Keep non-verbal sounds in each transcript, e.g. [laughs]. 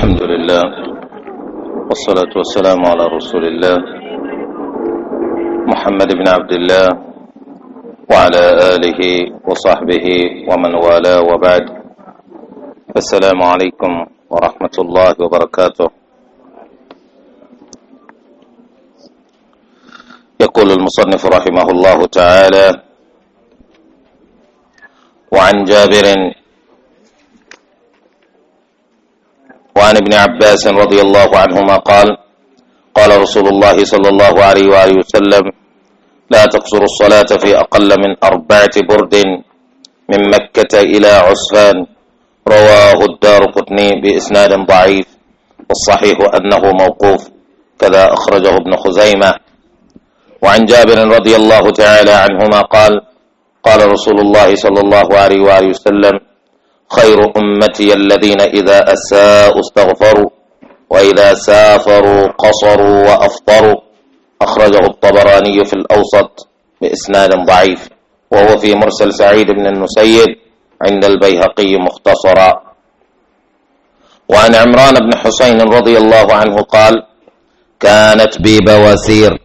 الحمد لله والصلاة والسلام على رسول الله محمد بن عبد الله وعلى آله وصحبه ومن والاه وبعد السلام عليكم ورحمة الله وبركاته يقول المصنف رحمه الله تعالى وعن جابر وعن ابن عباس رضي الله عنهما قال قال رسول الله صلى الله عليه وآله وسلم لا تقصر الصلاة في أقل من أربعة برد من مكة إلى عسفان رواه الدار قطني بإسناد ضعيف والصحيح أنه موقوف كذا أخرجه ابن خزيمة وعن جابر رضي الله تعالى عنهما قال قال رسول الله صلى الله عليه وآله وسلم خير أمتي الذين إذا أساءوا استغفروا وإذا سافروا قصروا وأفطروا أخرجه الطبراني في الأوسط بإسناد ضعيف وهو في مرسل سعيد بن النسيد عند البيهقي مختصرا وعن عمران بن حسين رضي الله عنه قال كانت بي بواسير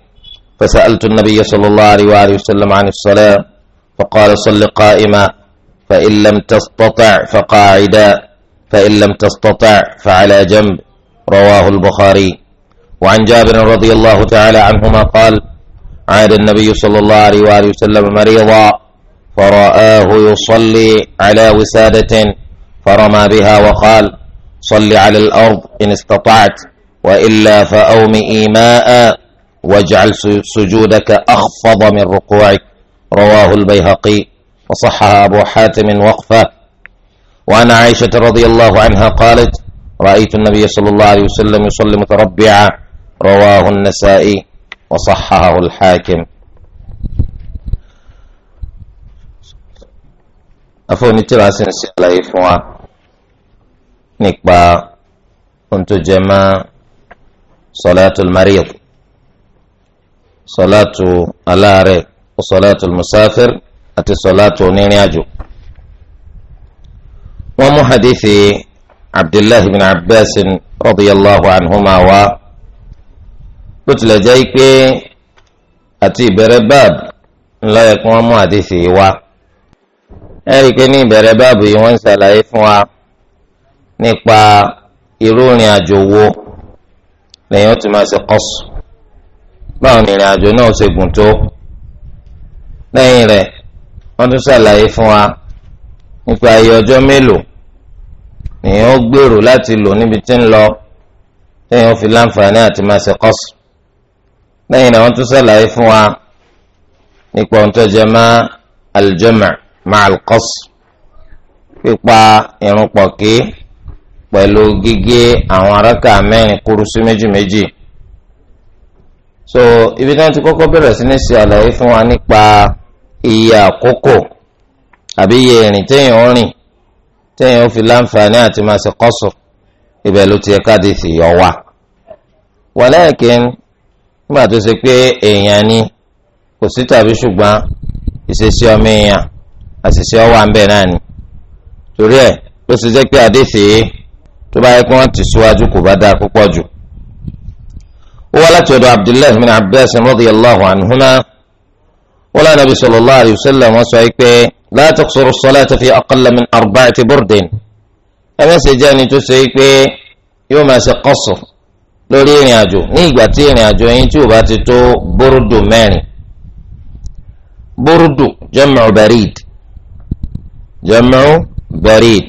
فسألت النبي صلى الله عليه وآله وسلم عن الصلاة فقال صل قائما فإن لم تستطع فقاعدا فإن لم تستطع فعلى جنب رواه البخاري وعن جابر رضي الله تعالى عنهما قال عاد النبي صلى الله عليه وآله وسلم مريضا فرآه يصلي على وسادة فرمى بها وقال صل على الأرض إن استطعت وإلا فأومئي ماء واجعل سجودك أخفض من ركوعك رواه البيهقي وصحها أبو حاتم وقفة وعن عائشة رضي الله عنها قالت رأيت النبي صلى الله عليه وسلم يصلي متربعا رواه النسائي وصححه الحاكم أفوني تراسن سيلا فوا نكبا كنت جمع صلاة المريض صلاة الأري وصلاة المسافر àti sọláàtù onírìn àjò wọ́n mú hadithi abdullahi bin abbas radiyallahu anhuma wa bó tilẹ̀ jẹ́ pé àti ìbẹ̀rẹ̀ báàbù ńlọ yẹ kí wọ́n mú wa ẹ rí i pé ní ìbẹ̀rẹ̀ báàbù yìí wọ́n ń ṣàlàyé fún wa nípa irú ìrìn àjò wo lẹ́yìn ó ti máa ṣe kọ́sù wọ́n tún ṣàlàyé fún wa nípa ayé ọjọ́ mélòó nìyẹn ó gbèrò láti lò níbi tí ń lọ lẹ́yìn ó fi láǹfààní àti máa ṣe kọ́sù lẹ́yìn náà wọ́n tún ṣàlàyé fún wa nípa ohun tó jẹ mọ́ àlùjọ́mọ̀ máa kọ́sù pípa irun pọ̀ kí pẹ̀lú gígé àwọn arákà mẹ́rin kúrú sí méjì so ibi tí wọ́n ti kọ́kọ́ bẹ̀rẹ̀ sí ní ṣe àlàyé fún wa nípa iye àkókò àbí iye ìrìn téèyàn ń rìn téèyàn fi láǹfààní àti máa ṣe kọ́sù ibẹ̀ ló ti yẹ káàdì sì yọ wá. wàlẹ́ẹ̀kín nígbà tó ṣe pé èèyàn ni kò sí tàbí ṣùgbọ́n ìṣesí ọmọ èèyàn àṣìṣe ọwọ́ àǹbẹ̀ náà ni. torí ẹ̀ ló ṣe jẹ́ pé àdéṣe tó bá yẹ kí wọ́n ti síwájú kò bá dáa púpọ̀ jù. ó wá láti ọ̀dọ̀ abdullahi bin abbas radiyallahu anhuma wọ́n lánàá Nabi sallallahu alayhi wa sallam wọ́n sọ pé la taqsuru as-salata fi aqalla min arba'ati burdin ẹ má ṣe jẹ́ ẹni tó ṣe pé yóò máa ṣe qasr lórí ìrìn àjò ní ìgbà tí ìrìn àjò yín tí ò bá ti tó búrúdù mẹ́rin búrúdù jam'u barid jam'u barid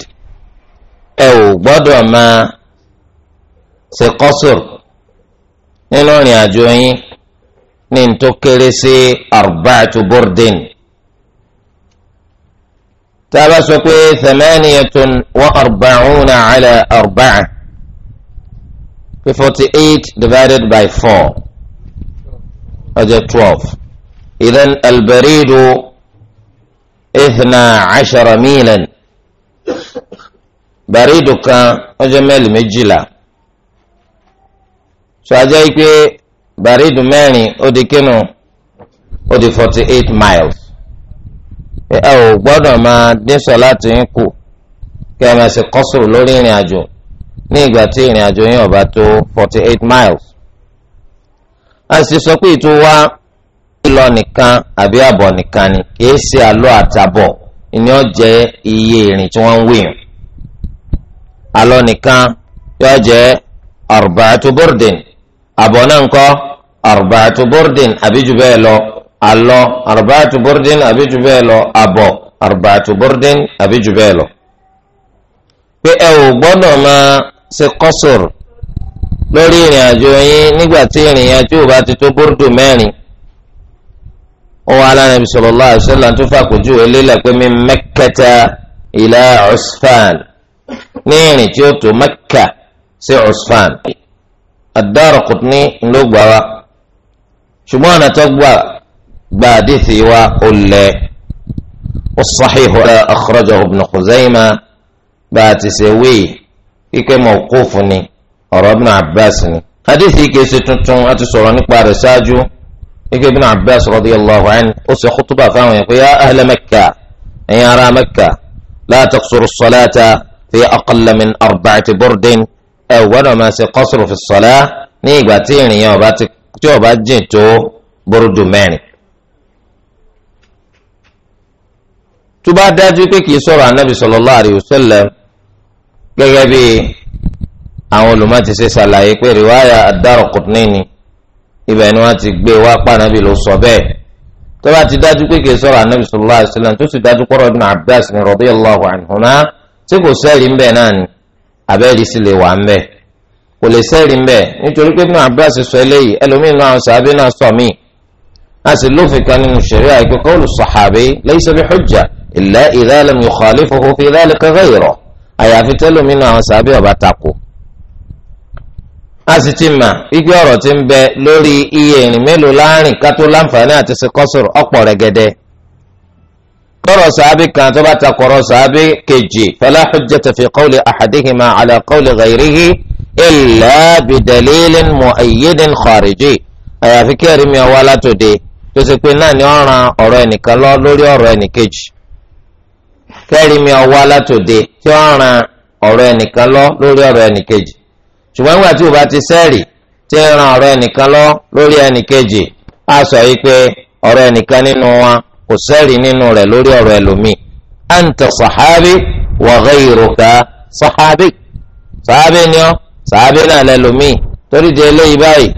ẹ ò gbọ́dọ̀ máa ṣe qasr nínú ìrìn àjò yín ní tó kéré sí arba'atu bordin tába sọ pé thamaniyatun wa arba'una ala arba'a pé forty eight divided by four ọjọ́ twelve idan albaridu ithna ashara milan baridu kan ọjọ́ mẹ́lì méjìlá sọ ajá yìí bàrídù mẹ́rin ó di kínú ó di forty eight miles ẹ ò gbọ́dọ̀ máa dín sọ láti ń kù kí ẹ máa ṣe kọ́sùrù lórí ìrìn àjò ní ìgbà tí ìrìn àjò yín ò tó forty eight miles a sì sọ pé ìtò wá ìlọ nìkan àbí àbọ̀ nìkan ni kì í ṣe àlọ àtàbọ̀ ìní ó jẹ́ iye ìrìn tí wọ́n ń wí àlọ nìkan yóò jẹ́ arba'atu burdin àbọ̀ náà ń kọ́ arbaatu bordin àbí jù bẹ́ẹ̀ lọ àlọ arbaatu bordin àbí jù bẹ́ẹ̀ lọ àbọ̀ arbaatu bordin àbí jù bẹ́ẹ̀ lọ. pé ẹ ò gbọ́dọ̀ máa ṣe kọ́sùr lórí ìrìn àjò yín nígbà tí ìrìn àjò bá ti tó bordù mẹ́rin wọn wà lánàá ibi sọlọ lọ àṣẹlá tó fàkójú eléla pé mi mẹkẹta ilà Usfan ní ìrìn tí Ad-Daraqutni ló gbà wá ṣùgbọ́n ọ̀nà tó gbà gbà àdìsí wa ó lẹ̀ as-sahihu akhrajahu Ibn Khuzaymah bá a ti ṣe wéyìí kíkẹ́ mawqufu ni ọ̀rọ̀ Ibn Abbas ni àdìsí kìí ṣe tuntun a ti sọ̀rọ̀ nípa rẹ̀ ṣáájú kíkẹ́ Ibn Abbas radiyallahu anhu ó ṣe kútúbà fáwọn yẹn pé yá ahla ẹ̀yin ará Makkah la taqsuru as fi aqalla arba'ati burdin ẹ ò gbọ́dọ̀ máa ṣe kọ́sùrù fi sọ̀lá ní ìgbà tí ìrìn yẹn ọba tí ọba jìn tó búrúdù mẹ́rin. tó bá dájú pé kì í sọ̀rọ̀ anábì sallallahu alaihi wasallam gẹ́gẹ́ bí àwọn olùmọ̀ ti ṣe ṣàlàyé pé rìwáyà ad-Daraqutni ni ibẹ̀ ni wọ́n ti gbé wá pànábì ló sọ bẹ́ẹ̀ tó bá ti dájú pé kì í sọ̀rọ̀ anábì sallallahu alaihi wasallam tó sì dájú pọ̀rọ̀ Ibn Abbas ni radiyallahu anhuma tí kò sẹ́rìí ń bẹ̀ náà ni abẹ́rẹ́ sì lè wà ńbẹ̀ kò lè sẹ́rìí ńbẹ̀ nítorí pé Ibn Abbas sọ eléyìí ẹlòmíì náà àwọn sàábé náà sọ míì a sì lófin kan nínú ṣẹ̀rí àìpé qawlu sàhábé laysa bi hujja illa idha lam yukhalifuhu fi dhalika ghayruh àyàfi tẹ́lòmíì náà àwọn sàábé ọba tako a sì ti mà igi ọ̀rọ̀ ti ń bẹ lórí iye ìrìn mélòó láàrin kátó láǹfààní àti ṣe kọ́sùrù tọrọ sàábì kan tó bá ta kọrọ sàábì kejì fala hujjata fi qawli ahadihima ala qawli ghayrihi illa bidalilin mu'ayyidin khariji àyàfi kẹrin mi ọwọ́ alátòde tó ṣe pé náà ni ó ran ọ̀rọ̀ ẹnìkan lọ lórí ọ̀rọ̀ ẹnìkejì kẹrin mi ọwọ́ alátòde tí ó ran ọ̀rọ̀ ẹnìkan lọ lórí ọ̀rọ̀ ẹnìkejì ṣùgbọ́n nígbà tí o bá ti sẹ́ẹ̀rì tí ń ran ọ̀rọ̀ ẹnìkan lọ lórí ẹnìkejì á sọ yìí pé ọ̀rọ̀ ẹnìkan nínú wọn kò sẹ́rìí nínú rẹ̀ lórí ọ̀rọ̀ ẹlòmíì anta sahabi wa ghayruka sahabi sahabi ni ọ́ sahabi náà lẹ́lòmíì torí di eléyìí báyìí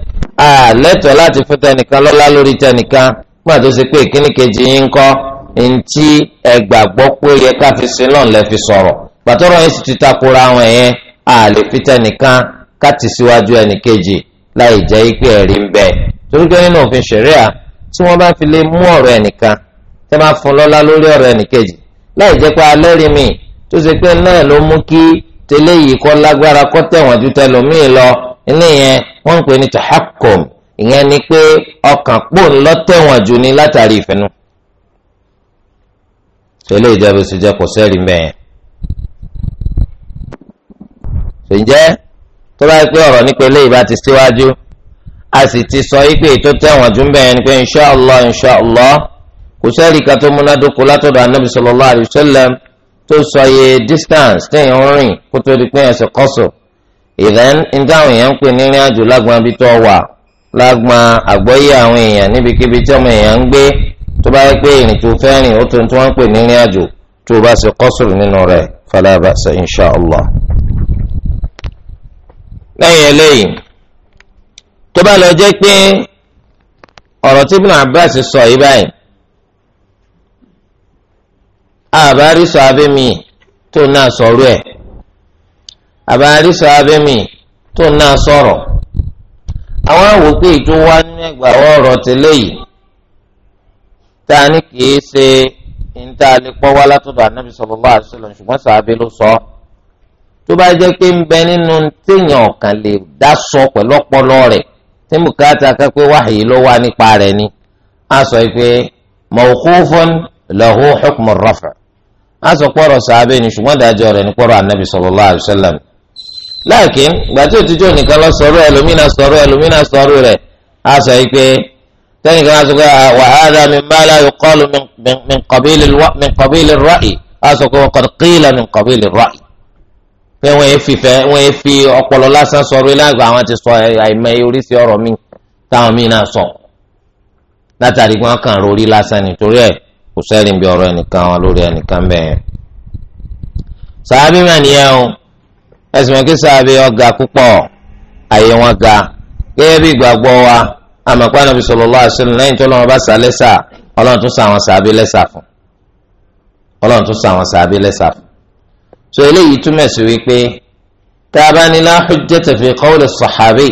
a lẹ́tọ̀ọ́ láti fún tẹnìkan lọ́lá lórí tẹnìkan nígbà tó ṣe pé ìkíní kejì yín kọ́ ntí ẹgbàgbọ́ pé yẹ ká fi sin náà lẹ́ fi sọ̀rọ̀ gbàtọ́rọ̀ yín sì ti takora àwọn ẹ̀yẹn a lè fi tẹnìkan ká síwájú ẹnìkejì tí wọ́n bá fi lè mú ọ̀rọ̀ ẹnìkan tẹ́ máa fún lọ́lá lórí ọ̀rọ̀ ẹnìkejì láì jẹ́ pé alẹ́rìí mi tó ṣe pé náà ló mú kí tẹ́lẹ̀ yìí kọ́ lágbára kọ́ tẹ̀wọ̀n ju tẹlòmíì lọ eléyẹn wọ́n ń pè ní tahakum ìyẹn ni pé ọkàn pò ń lọ tẹ̀wọ̀n ju ni látàrí ìfẹ́nu. tẹ́lẹ̀ ìjọba oṣù jẹ́ kò sẹ́rìí mẹ́yẹn. ṣèǹjẹ́ tó bá pé ọ̀rọ̀ nípa eléyìí bá ti síwájú a sì ti sọ yí pé ètò tẹ̀wọ̀n ju ń bẹ̀yẹn ni pé inṣọ́ọ̀lọ́ inṣọ́ọ̀lọ́ kò sẹ́ẹ̀rì kan tó múnádóko látọ̀dọ̀ anábì sallallahu alaihi wasallam tó sọ iye distance téèyàn ń rìn kó tó di pé ẹ̀sẹ̀ kọ́sọ̀ ìdán ń dáhùn èèyàn ń pè ní rìn àjò lágbọn abí tó wà lágbọn àgbọ́yé àwọn èèyàn níbikíbi tí ọmọ èèyàn ń gbé tó bá yẹ pé ìrìn tó fẹ́ rìn ó tó ń tó wọ́n pè ní rìn àjò tó bá ṣe kọ́sùrù nínú rẹ̀ fala ba'sa lẹ́yìn eléyìí tó bá lọ jẹ́ pé ọ̀rọ̀ tí Ibn Abbas sọ yìí báyìí àbárísọ abẹ́mi tó náà sọ̀rọ̀ ẹ̀ àbárísọ abẹ́mi tó náà sọ̀rọ̀ àwọn àwòpé tó wá nínú ẹgbà ọ̀rọ̀ tẹ́lẹ̀ yìí tá a ní kì í ṣe níta lè pọ́ wá látọ̀dọ̀ ànábì sallallahu alaihi wasallam ṣùgbọ́n sàábé ló sọ tó bá jẹ́ pé ń bẹ nínú téèyàn ọ̀kan lè dá sọ pẹ̀lú ọpọlọ rẹ̀ tí bùkátà ká pé wáhìí ló wá nípa rẹ̀ ni a sọ pé mawqufun lahu hukmu rafa' a sọ pọ̀rọ̀ sàábẹ́ ni ṣùgbọ́n dájọ́ rẹ̀ ní pọ̀rọ̀ anabi sallallahu alaihi wasallam láàkín gbàtí òtijọ́ nìkan lọ sọ̀rọ̀ ẹlòmínà sọ̀rọ̀ ẹlòmínà sọ̀rọ̀ rẹ̀ a sọ yìí pé tẹ́nì kan sọ pé wa hadha mimma la yuqalu min qabili ar-ra'yi a sọ pé qad qila min qabili ar-ra'yi pé wọ́n yẹn fìfẹ́ wọ́n ọpọlọ lásán sọ̀rọ̀ iláàgbà àwọn ti sọ àìmọ oríṣi ọ̀rọ̀ mi táwọn míì náà sọ látàrí wọn kàn rori lásán nítorí ẹ̀ kò sẹ́rìn bí ọ̀rọ̀ ẹnìkan wọn lórí ẹnìkan bẹ́ẹ̀. sàábì mẹ́ni yẹn o ẹ̀sìn mọ́kí sàábì ọ̀gá púpọ̀ àyè wọn ga gẹ́gẹ́ bí ìgbàgbọ́ wa àmọ̀pá nàbí sallallahu alaihi wasallam lẹ́yìn tó lọ́wọ́ bá sà lẹ́sà ọlọ́run tún sà wọn sàábì lẹ́sà fún ọlọ́run tún sà wọn sàábì lẹ́sà fún. so eléyìí túmọ̀ sí wípé tá a bá ní la hujjata fi qawli sahabi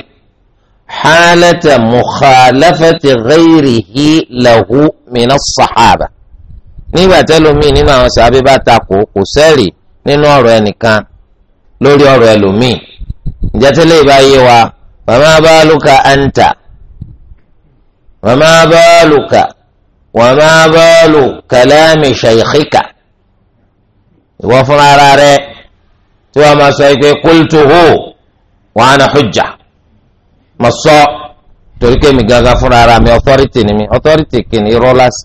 halata mukhalafati ghayrihi lahu min as-sahaba nígbà tẹ́lómi nínú àwọn sàbí bá takò kò sẹ́rì nínú ọ̀rọ̀ ẹnìkan lórí ọ̀rọ̀ ẹlòmíì ìjẹ́tẹ́lẹ̀ ìbáyé wa màmá báálùkà àǹtà màmá báálùkà wàmá báálù kàlámì ṣàyíkíkà ìwọ fúnra ara rẹ tí wọ́n máa sọ pé kúlùtùhù wàá na hujja mà sọ torí kémi gángan fúnra ara mi ọtọ́rìtì ni mi ọtọ́rìtì kìnnìún rọ́lásì.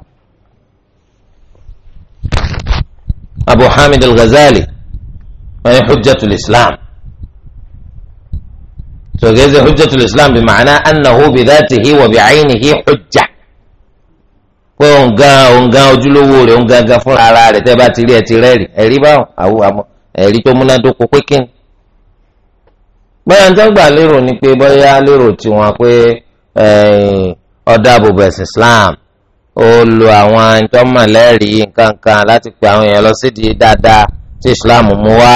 abu hamid al-ghazali wọ́n hujjatul islam sọ̀gẹ́sẹ̀ hujjatul islam bí màánà annahu bi dhatihi wa bi aynihi hujja pé òngan òngan ojúlówó rẹ̀ òngan gan fúnra ara rẹ̀ tẹ́ bá ti rí ẹ ti rẹ́rì ẹ̀rí báwọn àwọn àmọ́ ẹ̀rí tó múnádóko pé kí ni. bóyá ń tọ́gbà lérò ni pé bóyá lérò tiwọn pé islam ó lo àwọn ìtọ́mọ̀lẹ́rìí nǹkan kan láti pe àwọn èèyàn lọ sídìí dáadáa tí Islam mú wá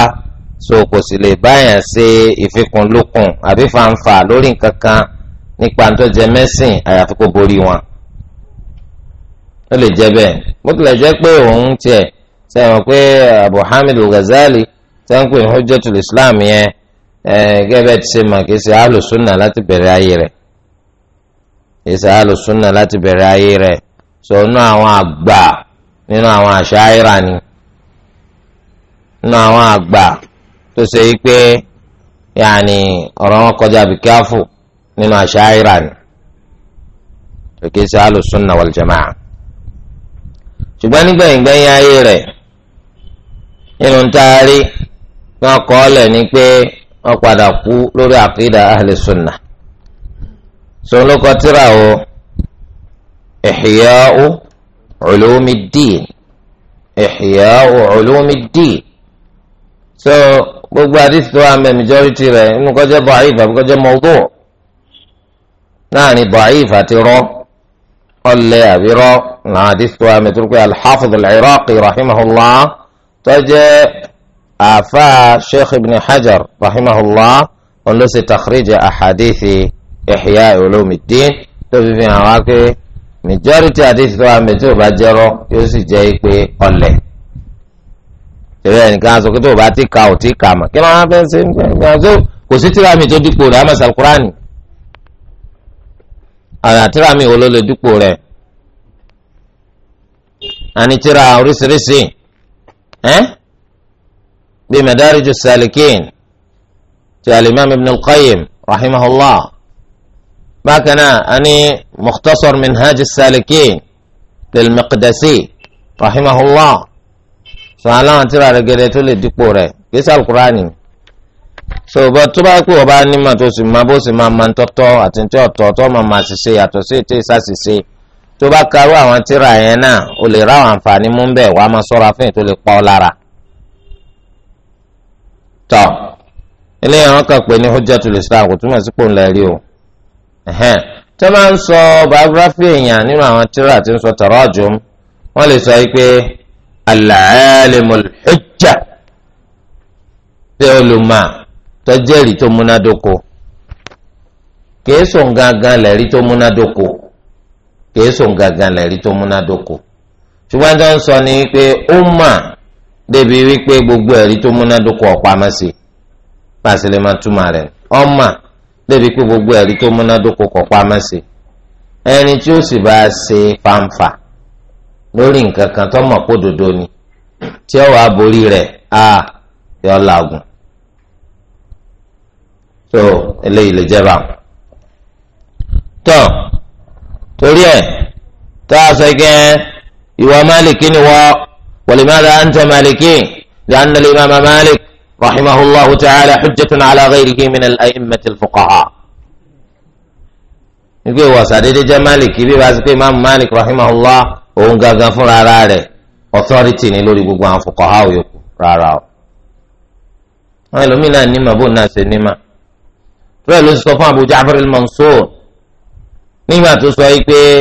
so kò sì lè báyàn ṣe ìfikùnlukùn àbí fanfa lórí nǹkan kan nípa tó jẹ mẹ́sìn àyàfi kó borí wọn. ó lè jẹ bẹ́ẹ̀ bó tilẹ̀ jẹ́ pé òun tiẹ̀ sẹ́wọ̀n pé Abu Hamid al-Ghazali tẹ́ ń pè ní Hujjatul Islam yẹn gẹ́gẹ́ ti ṣe mà kìí ṣe alùsùnà láti bẹ̀rẹ̀ ayé rẹ̀ kìí ṣe alùsùnà láti bẹ̀rẹ̀ ayé rẹ̀ sọ̀nù àwọn àgbà nínú àwọn àṣàyíra ni nínú àwọn àgbà tó ṣe yí pé yàní ọ̀rọ̀ wọn kọjá bìkáfù nínú àṣàyíra ni òkè sí alùsùnà wàlùjẹ̀máà ṣùgbọ́n nígbẹ̀yìngbẹ̀yìn ayé rẹ̀ nínú ntaari wọn kọ́ ọ lẹ̀ ni pé wọ́n padà kú lórí àkídà ahlẹ̀ sùnà sọ̀nù kọtíra o. إحياء علوم الدين إحياء علوم الدين so gbogbo àdìsí tó wà mẹ majority rẹ inú kọjá bọ̀ọ̀ìfà kọjá mọ̀ọ́dọ̀ láàrin bọ̀ọ̀ìfà ti rọ ọlẹ́ àbí rọ làwọn àdìsí tó wà mẹ turkey alḥafiz al-iraqi rahimahullah tó jẹ́ àfa sheikh ibn hajar rahimahullah wọn ló ṣe takhrij ahadithi ihya ulumuddin tó fi fi hàn wá majority àdéhùn tó wà mí tí ò bá jẹ́rọ́ yóò sì jẹ́ pé ọ̀lẹ̀ tẹ̀lé ẹnìkan sọ pé tó bá ti ka ò ti kà mà kí ló máa fẹ́ ṣe ń bẹ̀rẹ̀ ìgbà tó kò sí tíra mi tó dípò rẹ̀ àmọ́ sàlùkúránì àwọn tíra mi wo ló lè dípò rẹ̀ àní tíra oríṣiríṣi ẹ́ bí Madariju Salikin ti al Ibn al-Qayyim rahimahullah bákan náà a ní mukhtasar minhaj salikin lilmiqdasi rahimahullah sọ aláwọn tíra rẹ gẹ́gẹ́ tó lè dípò rẹ̀ gbèsè alukurani so bó tó bá kú ọba nímọ̀ tó sì máa bó sì máa máa tọ́tọ́ àti tí ọ̀tọ̀ tó máa máa ṣiṣẹ́ yàtọ̀ sí ètò ìsàṣìṣe tó bá karú àwọn tíra yẹn náà o lè ráwọn àǹfààní mú bẹ́ẹ̀ wàá máa sọ́ra fún ètò lè pa ọ́ lára. tọ́ ilé ìrànkàn pé ní hujjatul islam kò túmọ̀ sí pòun lẹ́rìí o tó máa ń sọ biography èèyàn nínú àwọn tíra tí ń sọ tarajum wọ́n lè sọ yìí pé al-alimul hujja ṣé olùmọ̀ tó jẹ́rìí tó múnádóko kìí sùn gangan lẹ́rí tó múnádóko kìí sùn gangan lẹ́rí tó múnádóko ṣùgbọ́n tó ń sọ ni pé ó mà débi wípé gbogbo ẹ̀rí tó múnádóko ọ̀pamọ́ sí pàṣẹ lè máa túmọ̀ rẹ̀ ọ́ mà débi pé gbogbo ẹ̀rí tó múnádóko kọ̀ pamọ́ sí ẹni tí ó sì bá a ṣe fanfa lórí nǹkan kan tó mọ̀ pódodo ni tí ó wàá borí rẹ̀ á yọ làágùn tó eléyìí lè jẹ́ báwọn. tó torí ẹ̀ tá a sọ gẹ́ ìwọ máàlìkì ni wọ́ wọ̀lìmọ́ra ń tẹ máàlìkì lẹ́yìn náà lè máa máàlìkì. رحمه الله تعالى حجة على غيره من الأئمة الفقهاء nígbè wọ sàdédé jẹ malik bí wàá sí pé imaamu malik rahimahullah òun gangan fúnra ara rẹ̀ authority ni lórí gbogbo àwọn fuqaha yòókù rárá o. àwọn ẹlòmíín náà ní màbó náà ṣe ní mà. rẹ̀ ló sọ fún Abu Ja'far al-Mansur nígbà tó sọ yìí pé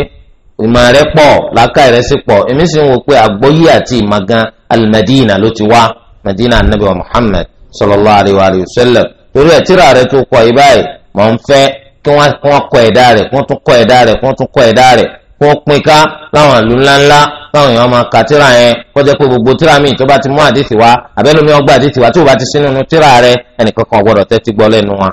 ìmọ̀ rẹ̀ pọ̀ làákà rẹ̀ sì pọ̀ èmi sì ń wò pé àgbọ́yé àti ìmọ̀ gan al-Madina ló ti wá. Madina anabi wa Muhammad sallallahu alayhi wa alayhi wa sallam torí ẹ̀ tíra rẹ̀ tó kọ ibáyìí mọ̀ ń fẹ́ kí wọ́n kọ ẹ̀dá rẹ̀ kí wọ́n tún kọ ẹ̀dá rẹ̀ kí wọ́n tún kọ ẹ̀dá rẹ̀ kó pin ká láwọn ìlú ńláńlá táwọn èèyàn máa ka tíra yẹn kó jẹ́ pé gbogbo tíra míì tó bá ti mú àdìsí wá àbẹ́lómi ọgbà àdìsí wá tó bá ti sínú tíra rẹ̀ ẹnìkan kan gbọ́dọ̀ tẹ́tí gbọ́ lẹ́nu wa.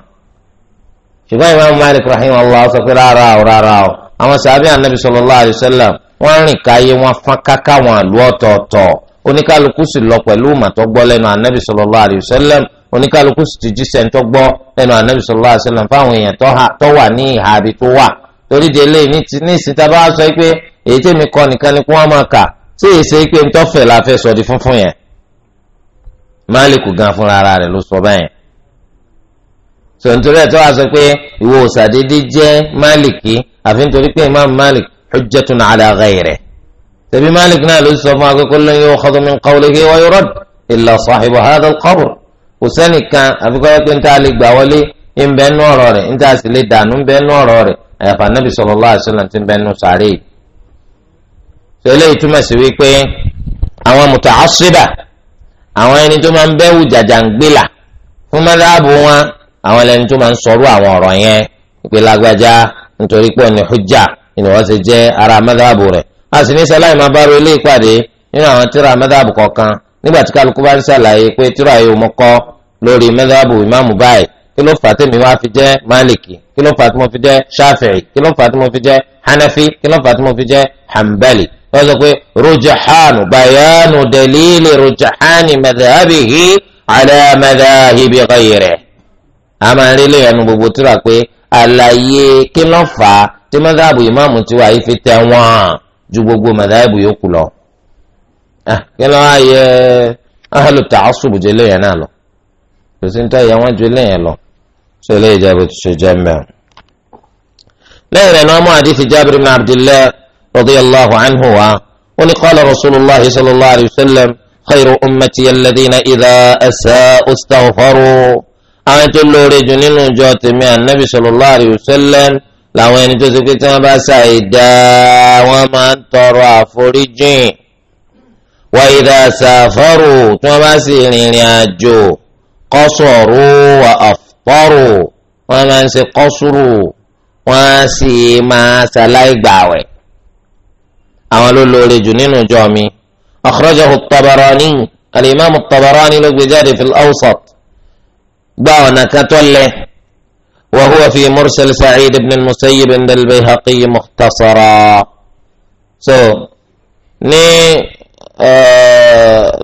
ṣùgbọ́n Imam Malik rahim allah sọ pé rárá o rárá o àwọn sàbí anabi sallallahu alayhi wa sallam wọ́n rìn káyé wọ́n fọ́n káká wọn àlú ọ̀tọ̀ọ̀tọ̀ oníkálukú sì lọ pẹ̀lú màtọ́ gbọ́ lẹ́nu anabi sallallahu alayhi wa sallam oníkálukú sì ti jíṣẹ́ tó gbọ́ lẹ́nu anabi sallallahu alayhi wa sallam fáwọn èèyàn tó wà ní ìhà àbí tó wà torí délé ní ìsìta bá sọ pé èyí tèmi kọ nìkan ni kí wọ́n máa kà tí èyí ṣe pé ntọ́fẹ̀ la fẹ́ sọ di funfun yẹn máàlìkù gan fúnra ara rẹ̀ ló sọ báyẹn sọ̀ntorí tó wá sọ pé ìwọ òsàdédé jẹ́ máàlìkì àfi nítorí pé imáàmù máàlìkì hujjatun ala ghayrihi tẹ̀bí malik náà ló sọ fún akẹ́kọ̀ọ́ lẹ́yìn ọ̀kọ́dọ̀ mi qawlihi wa yurad illa sahibu hadha al-qabr kò sẹ́nìkan àfikọ́ yẹ pé ń tà lè gbà wọlé ń bẹ́ nú ọ̀rọ̀ rẹ̀ ń tà sì lè dànù ń bẹ́ nú ọ̀rọ̀ rẹ̀ àyàfà nàbì sallallahu alaihi wasallam ti ń bẹ́ nú sàárè. sọlẹ́ ìtumọ̀ sí wípé àwọn muta'assiba àwọn ẹni tó máa ń bẹ́wù jàjàngbìlà fún mẹ́tàbù wọn àwọn ẹni tó máa ń sọ̀rọ̀ àwọn ọ̀rọ̀ yẹn ìpè lágbájá nítorí pé òní hujja ni wọ́n ti jẹ́ ara mẹ́tàbù rẹ̀ a sì ní sáláì máa bá ro ilé ìpàdé nínú àwọn tíra mẹ́dàbù kọ̀ọ̀kan nígbà tí kálukú bá ń ṣàlàyé pé tíra yìí mo kọ́ lórí mẹ́dàbù ìmáàmù báyìí kí ló fà á tèmi wá fi jẹ́ máàlìkì kí ló fà á tí mo fi jẹ́ ṣáfẹ̀rì kí ló fà á tí mo fi jẹ́ hanafi kí ló fà á tí mo fi jẹ́ hanbali wọ́n sọ pé rojahanu bayanu dalili rojahani madhabihi ala madhahibi ghayrihi a máa ń rí lẹ́yìn gbogbo tíra pé àlàyé kí ló fà á tí mẹ́dàbù ìmáàmù tiwa yìí fi tẹ̀ wọ́n. ju gbogbo mọ̀dáìbù yòókù lọ. kí ló wá yẹ ahlu ta'assub ju eléyẹn náà lọ kò sí nítorí yẹ wọ́n ju eléyẹn lọ sọ eléyìí jẹ́ bó ti ṣe jẹ́ mẹ́rin. lẹ́yìn rẹ̀ ni wọ́n mú àdìsí jábìrì ibn abdillah radiyallahu anhu wa ó ní qala rasulillah sallallahu alayhi wa sallam khayru ummati alladhina ida asa ustaafaru àwọn tó lóore jù nínú jọ tèmi ànábì sallallahu alayhi wa sallam. làwọn ẹni tó ṣe pé tí wọ́n bá ṣàìdá wọ́n máa ń tọrọ àforíjìn wa idha safaru tí wọ́n bá sì rìnrìn àjò qasuru wa aftaru wọ́n máa ń ṣe qasuru wọ́n á sì máa ṣàláì àwọn ló lóore jù nínú ìjọ mi akhrajahu at-Tabarani al-imam at-Tabarani ló gbé jáde fil-Awsat gbá ọ̀nà kan وهو في مرسل سعيد بن المسيب عند البيهقي مختصرا so, ني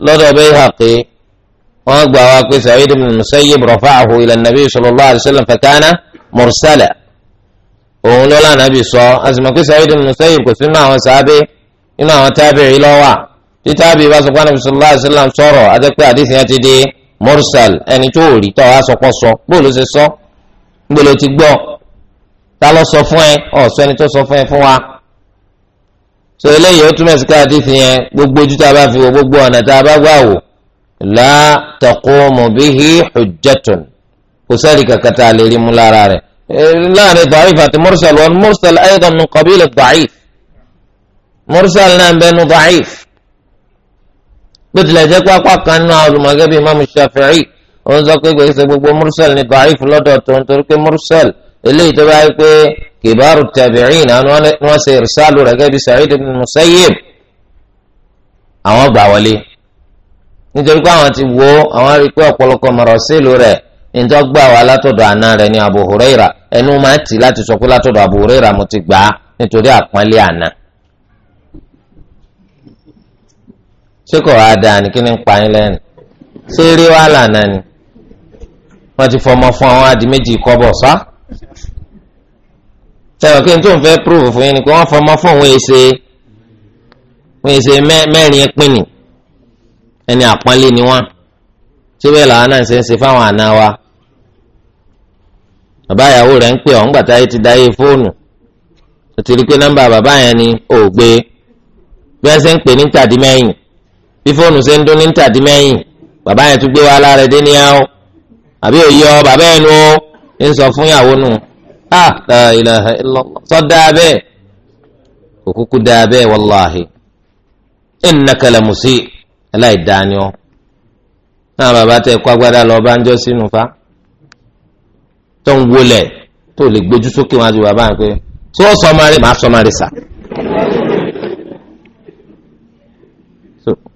لدى البيهقي وأقبل سعيد بن المسيب رفعه إلى النبي صلى الله عليه وسلم فكان مرسلا وقال لا نبي صلى الله عليه سعيد بن المسيب كثير ما هو سابي إما هو تابع إلى تتابع صلى الله عليه وسلم صورة أذكر حديث يأتي دي مرسل أني توري توا سقصو بولو سي gbọ́dọ̀ ti gbọ́ ta ló sọ fún ẹ ọ̀sọ́ ẹni tó sọ fún ẹ fún wa. sọ eléyìí ó túmọ̀ sí káàdì fi yẹn gbogbo ojú tá a bá fi wo gbogbo ọ̀nà tá a bá gbà wò la taqumu bihi hujjatun kò sẹ́ẹ̀lì kankan tá a lè rí mú lára rẹ̀ eh, láàrin da'if àti mursal wọn mursal aydan min qabil da'if mursal náà ń bẹnu da'if bó tilẹ̀ jẹ́ pápá kan náà olùmọ̀gẹ́bí imam shafi'i ó ń sọ pé kò ṣe gbogbo mursal ní da'if lọ́dọ̀ tó ń torí pé mursal eléyìí tó bá yẹ pé kibaru tabi'in àni wọ́n ṣe irsalu rẹ̀ gẹ́gẹ́ bí Sa'id ibn Musayyib àwọn gbà wọlé nítorí pé àwọn ti wo àwọn rí pé ọ̀pọ̀lọpọ̀ marasilu rẹ̀ níjọ́ gbà wá látọ̀dọ̀ àna rẹ̀ ní Abu Huraira ẹnu máa tì láti sọ pé látọ̀dọ̀ Abu Huraira mo ti gbà á nítorí àpọ́nlé àná. ṣé kò wá dáa ní kí ni ń pa yín lẹ́nu ṣé eré wà lànà ni wọ́n ti fọmọ fún àwọn àdì méjì kọ́bọ̀ sá sẹ́wọ̀n kí n tó ń fẹ́ prove fún yín ni pé wọ́n fọmọ fún òun èsè òun èsè mẹ́rin pínì ẹni àpọ́nlé ni wọ́n tí bẹ́ẹ̀ làwọn náà ṣe ń ṣe fáwọn àna wa bàbá ìyàwó rẹ̀ ń pè ọ́ ńgbà táyé ti dáyé fóònù ó ti rí pé nọ́mbà bàbá yẹn ni ò gbé bí wọ́n ṣe ń pè ní tàdí mẹ́yìn bí fóònù ṣe ń dún ní tàdí mẹ́yìn bàbá yẹn tún gbé wá lára ẹdín ní ẹ́ àbí òye ọ bàbá ẹ nu ń sọ fún ìyàwó nù á ilaha illallah sọ dáa bẹ́ẹ̀ òkúkú dáa bẹ́ẹ̀ wàláhì innaka la musi aláìdáni ọ náà bàbá tẹ kó agbádá lọ bá ń jọ sínú fa tó ń wọlé tó lè gbójú sókè wọn àti bàbá yẹn tí wọ́n sọ máa rí màá sọ máa rí sà.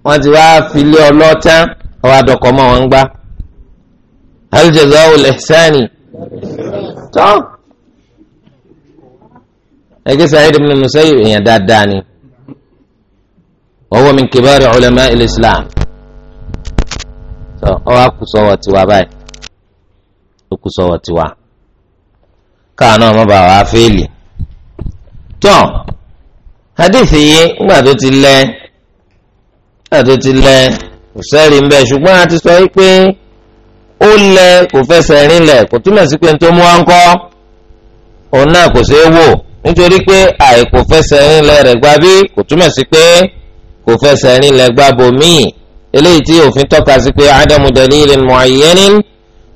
wọ́n ti wá filé ọlọ́tán ọwọ́ àdọ̀kọ̀ mọ́ wọn ń gbá hal jazaa'ul ihsani tọ́ ẹgbẹ́ Sa'id ibn Musayyib èèyàn dáadáa ni wa huwa min kibari ulama al-Islam tọ́ ọ wá kù sọ́wọ́ tiwa báyìí ó kù sọ́wọ́ tiwa káàánú ọmọ bàbá wa fẹ́ẹ̀lì tọ́ hadith yìí ńgbà tó ti lẹ́ ńgbà tó ti lẹ́ kò sẹ́rìí ń bẹ ṣùgbọ́n a ti sọ yìí pé ó lẹ kò fẹsẹ̀ rinlẹ̀ kò túmọ̀ sí pé ní tó mú wa ń kọ́ òun náà kò ṣeé wò nítorí pé àìkò fẹsẹ̀ rinlẹ̀ rẹ̀ gbá bí kò túmọ̀ sí pé kò fẹsẹ̀ rinlẹ̀ gbá bòmíì eléyìí tí òfin tọ́ka sí pé ádámù dalilin mu'ayyanin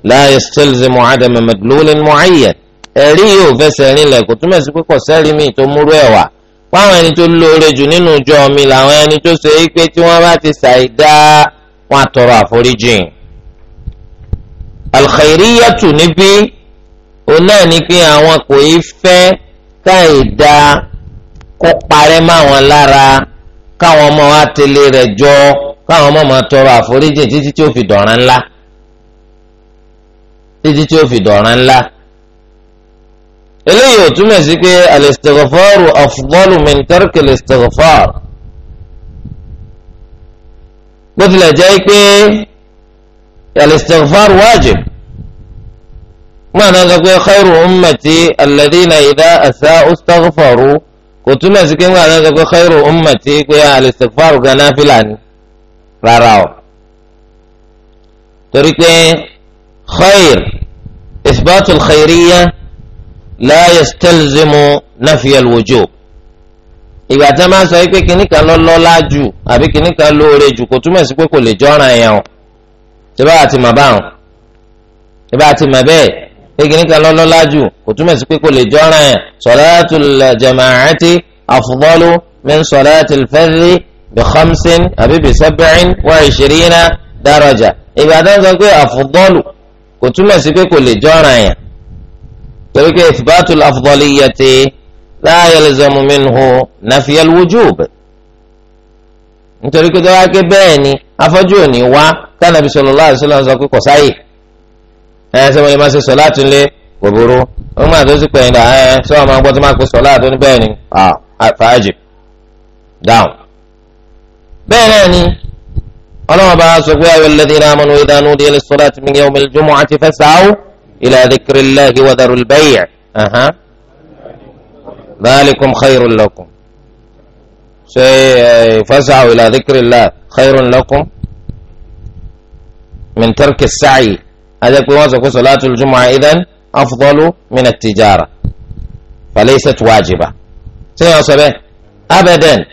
la yastalzimu ádámù madlulin mu'ayyan ẹ̀rí yóò fẹsẹ̀ rinlẹ̀ kò túmọ̀ sí pé kò sẹ́rí mi tó múrú ẹ̀ wá fáwọn ẹni tó lóore jù nínú ìjọ mi làwọn ẹni tó ṣe é pé tí wọ́n bá ti ṣàìdá wọn àtọrọ àforíjìn alxeyriyatu níbí òun náà ni pé àwọn kò í fẹ́ káìda kó parẹ́ mọ́ àwọn lára káwọn ọmọ wa tẹ̀lé rẹ̀ jọ káwọn ọmọ máa tọrọ àforíjì títí tí ó fi dọ̀ràn ńlá títí tí ó fi dọ̀ràn ńlá eléyìí ò túmọ̀ sí pé alistighfaru afdalu min tarki bó tilẹ̀ jẹ́ pé. الاستغفار واجب ما نقول خير أمتي الذين إذا أساءوا استغفروا قلت ما ما نقول خير أمتي قيا الاستغفار كنا فلان فراو طريق إيه؟ خير إثبات الخيرية لا يستلزم نفي الوجوب إذا tí a máa ń sọ yìí pé kìnnìkan lọ lọ lájú àbí kìnnìkan lóore jù kò túmọ̀ ṣẹba àti màbá àwọn ṣẹba àti màbẹ ẹgbẹ nìkan lọlọlá jù kò túmọ̀ sí pé kò lè jọ́ra yẹn salatul jama'ati afdalu min salatil fardhi bi khamsin àbí bi sab'in wa ishirina daraja ìbàdàn sọ pé afdalu kò túmọ̀ sí pé kò lè jọ́ra yẹn torí pé ithbatul afdaliyyati la yalzamu minhu nafyal wujub nítorí pé tọ́wá ké bẹ́ẹ̀ ni afọ́jú ò ní wá tánàbí sallallahu alaihi wasallam sọ pé kò sáyè ẹ ṣé wọ́n lè máa ṣe sọ̀lá tún lé gbòòrò wọ́n máa tó sì pẹ̀yìn dà ẹ ṣé wọ́n máa gbọ́ tó máa kó sọ̀lá tó ní bẹ́ẹ̀ ni fàájì dáhùn. bẹ́ẹ̀ náà ni ọlọ́wọ́n bá sọ pé ayọ̀ alladhina amanu idha nudiya lis-salati min yawmil jumu'ati fas'aw ila dhikrillahi wa dharul bay' فاسعوا إلى ذكر الله خير لكم من ترك السعي هذا يكون وصف صلاة الجمعة إذن أفضل من التجارة فليست واجبة سيصبح أبدا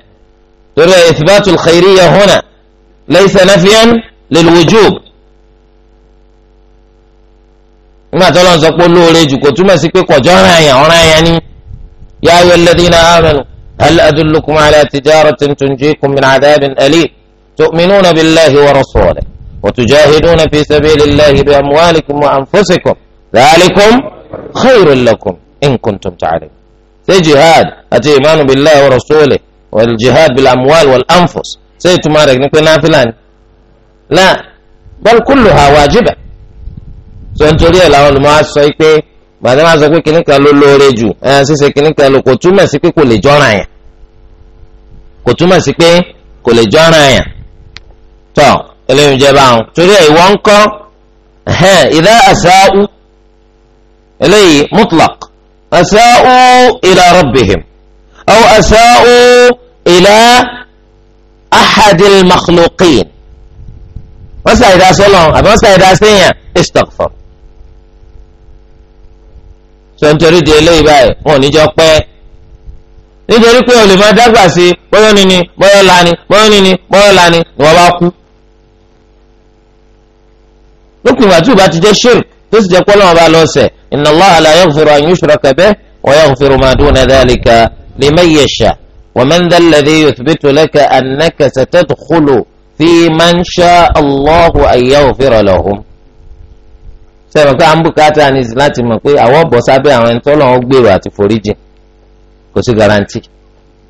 ترى إثبات الخيرية هنا ليس نفيا للوجوب ما تقول lọ́n sọ pé olóore jù يا túmọ̀ sí pé kọjọ́ ọ̀ràn yẹn هل أدلكم على تجارة تنجيكم من عذاب أليم تؤمنون بالله ورسوله وتجاهدون في سبيل الله بأموالكم وأنفسكم ذلكم خير لكم إن كنتم تعلمون سي جهاد أتي إيمان بالله ورسوله والجهاد بالأموال والأنفس سي تمارك نكون نافلان لا بل كلها واجبة سنتولي الأول ما سيكي gbàdé máa sọ pé kìnnì kan ló lóore jù ẹ ṣíṣe kìnnì kan ló kò túmọ̀ sí pé kò lè jọ́ra yẹn kò túmọ̀ sí pé kò lè jọ́ra yẹn tọ́ eléyìí jẹ́ báwọn torí ẹ̀ ìwọ ń kọ́ ìdá àṣàù eléyìí mutlak àṣàù ila rọ̀bìhìm àwọn àṣàù ila ahadil makhluqin wọ́n ṣàìdá sọ́lọ́ àbí wọ́n ṣàìdá sẹ́yìn istaghfar. sọ nítorí di eléyìí báyìí wọn ò ní jọ pẹ́ nítorí pé o lè máa dágbà sí bọ́yọ́ níní bọ́yọ́ lani bọ́yọ́ níní bọ́yọ́ lani ni wọ́n bá kú. lókùn ìgbà tí o bá ti jẹ́ shirk tó sì jẹ́ pé Ọlọ́run bá lọ sẹ̀ inna Allaha la yaghfiru an yushraka bihi wa yaghfiru ma duna dhalika liman yasha wa man dha alladhi yuthbitu laka sẹ́wọ̀n ká ń bùkátà ní ìsìn láti mọ̀ pé àwọn bọ̀ sábẹ́ àwọn ẹni tọ́lọ̀ ń gbèrò àti foríjì kò sí garanti